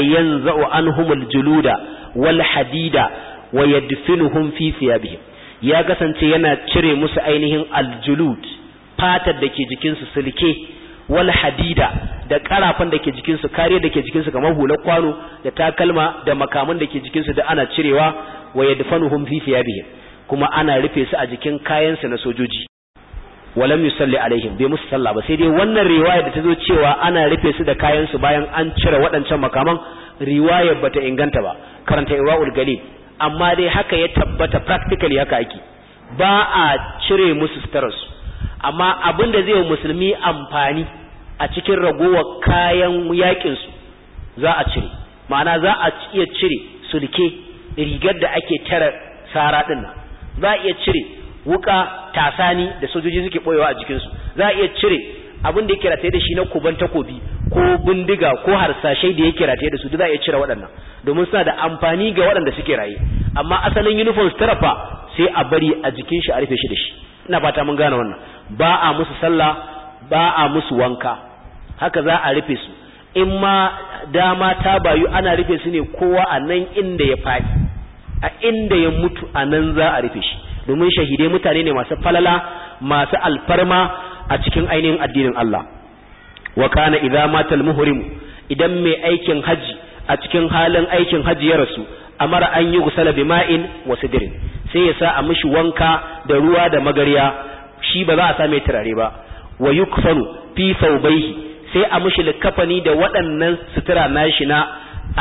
an humul juluda wal hadida wa yadfinuhum fi thiyabihim ya kasance yana cire musu ainihin aljulud fatar da ke jikinsu silke wal hadida da karafan da ke jikinsu kare da ke jikinsu kamar hular kwano da takalma da makaman da ke jikinsu da ana cirewa wa yadfanuhum fi thiyabihim kuma ana rufe su a jikin kayansu na sojoji walam yusalli alaihim bai musu sallah ba sai dai wannan riwaya da ta zo cewa ana rufe su da kayan su bayan an cire waɗancan makaman riwayar bata inganta ba karanta iwaul gali amma dai haka ya tabbata practically haka ake ba a cire musu sutaras amma abin da zai musulmi amfani a cikin ragowar kayan yakin su za a cire ma'ana za a iya cire sulke rigar da ake tara sara din za a iya cire wuka tasani da sojoji suke boyewa a jikinsu za a iya cire abin da yake rataye da shi na kuban takobi ko bindiga ko harsashe da yake rataye da su za a iya cire waɗannan domin suna da amfani ga waɗanda suke raye amma asalin uniform tarafa sai a bari a jikin shi a rufe shi da shi ina fata mun gane wannan ba a musu sallah ba a musu wanka haka za a rufe su in ma dama ta bayu ana rufe su ne kowa a nan inda ya faɗi a inda ya mutu a nan za a rufe shi domin shahidai mutane ne masu falala masu alfarma a cikin ainihin addinin Allah wa kana idza mata al idan mai aikin haji a cikin halin aikin haji ya rasu amara an yi gusala ma'in wa sidrin sai ya sa a mishi wanka da ruwa da magariya shi ba za a same turare ba wa yukfanu fi thawbayhi sai a mishi likafani da waɗannan sutura nashi na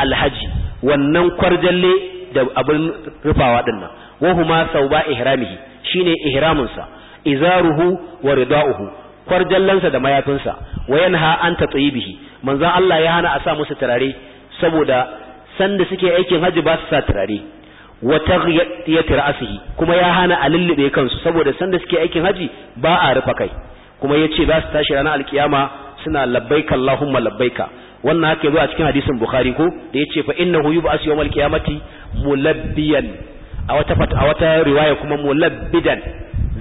alhaji wannan kwarjalle da abin rufawa dinnan wa huma sauba ihramihi shine ihraminsa izaruhu wa uhu kwarjallansa da mayafinsa wayan yanha an bihi manzon Allah ya hana asa sa musu turare saboda sanda suke aikin haji ba su sa turare wa tira ra'sihi kuma ya hana a lullube kansu saboda sanda suke aikin haji ba a rufa kai kuma yace za su tashi ranar alkiyama suna labbaikan Allahumma labbaika wannan haka yazo a cikin hadisin Bukhari ko da ya ce fa huyu innahu yub'as yawmal mu labbiyan. a wata a wata riwaya kuma mulabbidan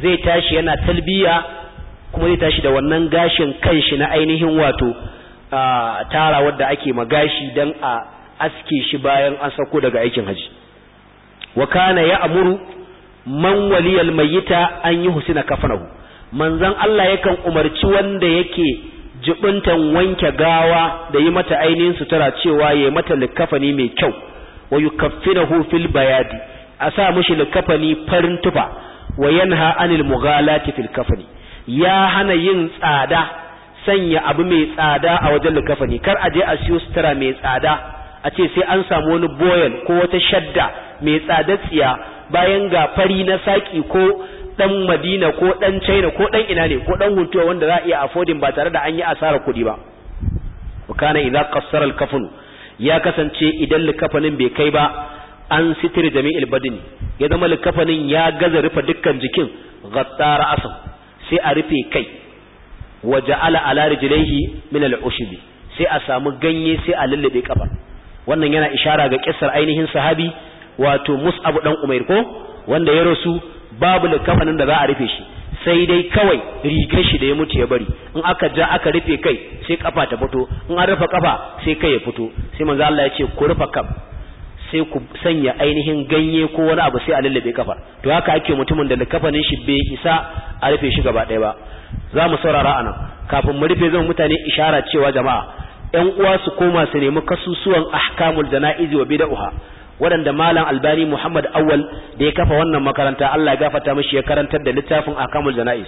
zai tashi yana talbiya kuma zai tashi da wannan gashin kanshi na ainihin wato tara wadda ake magashi dan a aske shi bayan an sako daga aikin haji wa kana amuru man waliyal mayyita an yi husina kafanahu manzon Allah yakan umarci wanda yake jibintan wanke gawa da yi mata ainihin sutura cewa ya mata likafani mai kyau wa fil bayadi a sa mushi likafani farin tufa wa yanha anil mughalati fil kafani ya hana yin tsada sanya abu mai tsada a wajen likafani kar a je a siyo sutura mai tsada a ce sai an samu wani boyel ko wata shadda mai tsada tsiya bayan ga fari na saki ko dan Madina ko dan China ko dan ina ne ko dan Huntuwa wanda za a iya affording ba tare da an yi asarar kuɗi ba wa kana idza qassara al kafan ya kasance idan likafanin bai kai ba an sitir jami'il badin ya zama likafanin ya gaza rufe dukkan jikin ghattara ra'asan sai a rufe kai wa ja'ala ala rijlaihi min al sai a samu ganye sai a lullube kafa wannan yana ishara ga kissar ainihin sahabi wato Mus'ab dan Umair ko wanda ya rasu babu likafanin da za a rufe shi sai dai kawai rigar shi da ya mutu ya bari in aka ja aka rufe kai sai kafa ta fito in an rufe kafa sai kai ya fito sai manzo Allah ya ce ku rufe kafa sai ku sanya ainihin ganye ko wani abu sai a lallabe kafa to haka ake mutumin da likafanin shi bai isa a rufe shi gaba ɗaya ba za mu saurara anan kafin mu rufe zan mutane ishara cewa jama'a ƴan uwa su koma su nemi kasusuwan ahkamul jana'izi wa bid'ah waɗanda malam albani muhammad awwal da ya kafa wannan makaranta allah ya gafarta mishi ya karantar da littafin ahkamul jana'iz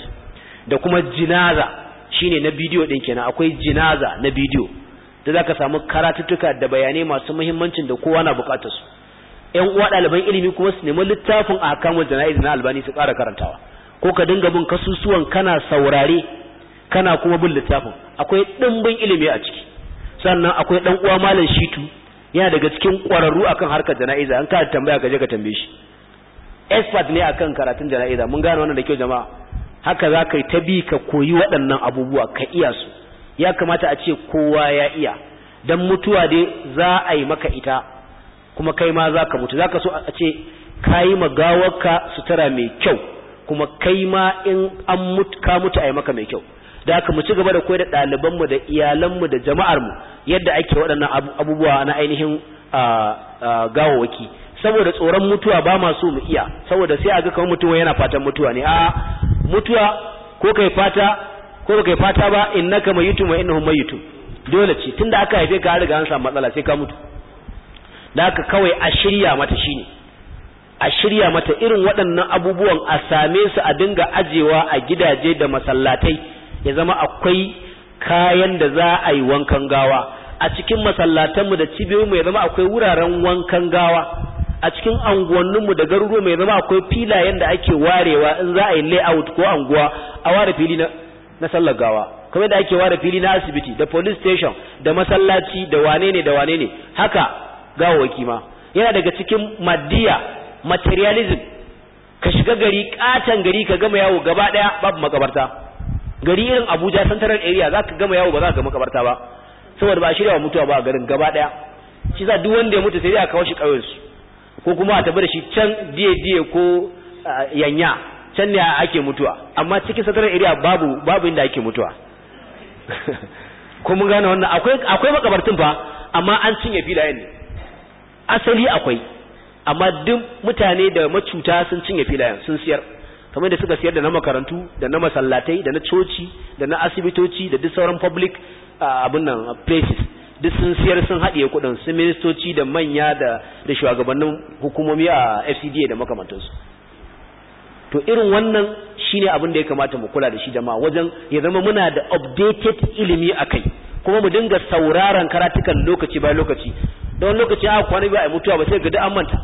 da kuma jinaza shine na bidiyo din kenan akwai jinaza na bidiyo da za ka samu karatuttuka da bayanai masu muhimmancin da kowa na bukatar su ƴan uwa ɗaliban ilimi kuma su nemi littafin a kan wajen na albani su ƙara karantawa ko ka dinga bin kasusuwan kana saurare kana kuma bin littafin akwai ɗimbin ilimi a ciki sannan akwai ɗan uwa malam shitu yana daga cikin ƙwararru akan harkar jana'iza an ka tambaya ka je ka tambaye shi expert ne akan karatun jana'iza mun gane wannan da kyau jama'a haka za ka yi ta bi ka koyi waɗannan abubuwa ka iya su ya kamata a ce kowa ya iya dan mutuwa dai za a yi maka ita kuma kai ma za ka mutu za ka so a ce ka yi magawarka sutura mai kyau kuma kai ma in an mutu ka mutu a yi maka mai kyau da aka mu ci gaba da koyar da ɗalibanmu da iyalanmu da jama'armu yadda ake waɗannan abubuwa na ainihin gawawaki saboda tsoron mutuwa ba ma so mu iya saboda sai a ga kamar mutum yana fatan mutuwa ne a mutuwa ko kai fata ko baka yi fata ba innaka mayitu wa innahum mayitu dole ce tunda aka haife ka riga an samu matsala sai ka mutu da haka kawai a shirya mata shine a shirya mata irin waɗannan abubuwan a same su a dinga ajewa a gidaje da masallatai ya zama akwai kayan da za a yi wankan gawa a cikin masallatanmu da cibiyoyinmu ya zama akwai wuraren wankan gawa a cikin anguwanninmu da garuruwa mai zama akwai filayen da ake warewa in za a yi layout ko anguwa a ware fili na. na sallar gawa kamar da ake ware fili na asibiti da police station da masallaci da wane ne da wane ne haka gawawaki ma yana daga cikin maddiya materialism ka shiga gari katan gari ka gama yawo gaba daya babu makabarta gari irin Abuja central area za ka gama yawo ba za ka makabarta ba saboda ba a shirya wa mutuwa ba a garin gaba daya shi za duk wanda ya mutu sai dai a kawo shi kauyen su ko kuma a tabbata shi can diye diye ko yanya can ne ake mutuwa amma cikin satarar iriya babu babu inda ake mutuwa ko mun gane wannan akwai akwai makabartun fa amma an cinye filayen ne asali akwai amma duk mutane da macuta sun cinye filayen sun siyar kamar da suka siyar da na makarantu da na masallatai da na coci da na asibitoci da duk sauran public abin nan places duk sun siyar sun haɗiye kuɗin su ministoci da manya da da shugabannin hukumomi a FCDA da makamantansu to irin wannan shine abin da ya kamata mu kula da shi jama'a wajen ya zama muna da updated ilimi akai kuma mu dinga sauraron karatukan lokaci bayan lokaci don lokaci a kwana biyu a mutuwa ba sai ga duk an manta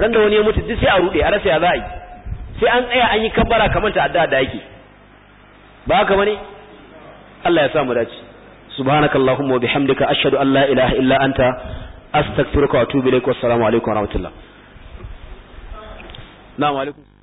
ran da wani ya mutu duk sai a rude a rasa ya zai a sai an tsaya an yi kabbara kamar ta adda da yake ba haka bane Allah ya sa mu dace subhanakallahumma wa bihamdika ashhadu an la ilaha illa anta astaghfiruka wa atubu ilaik wa assalamu alaikum wa rahmatullah na'am alaikum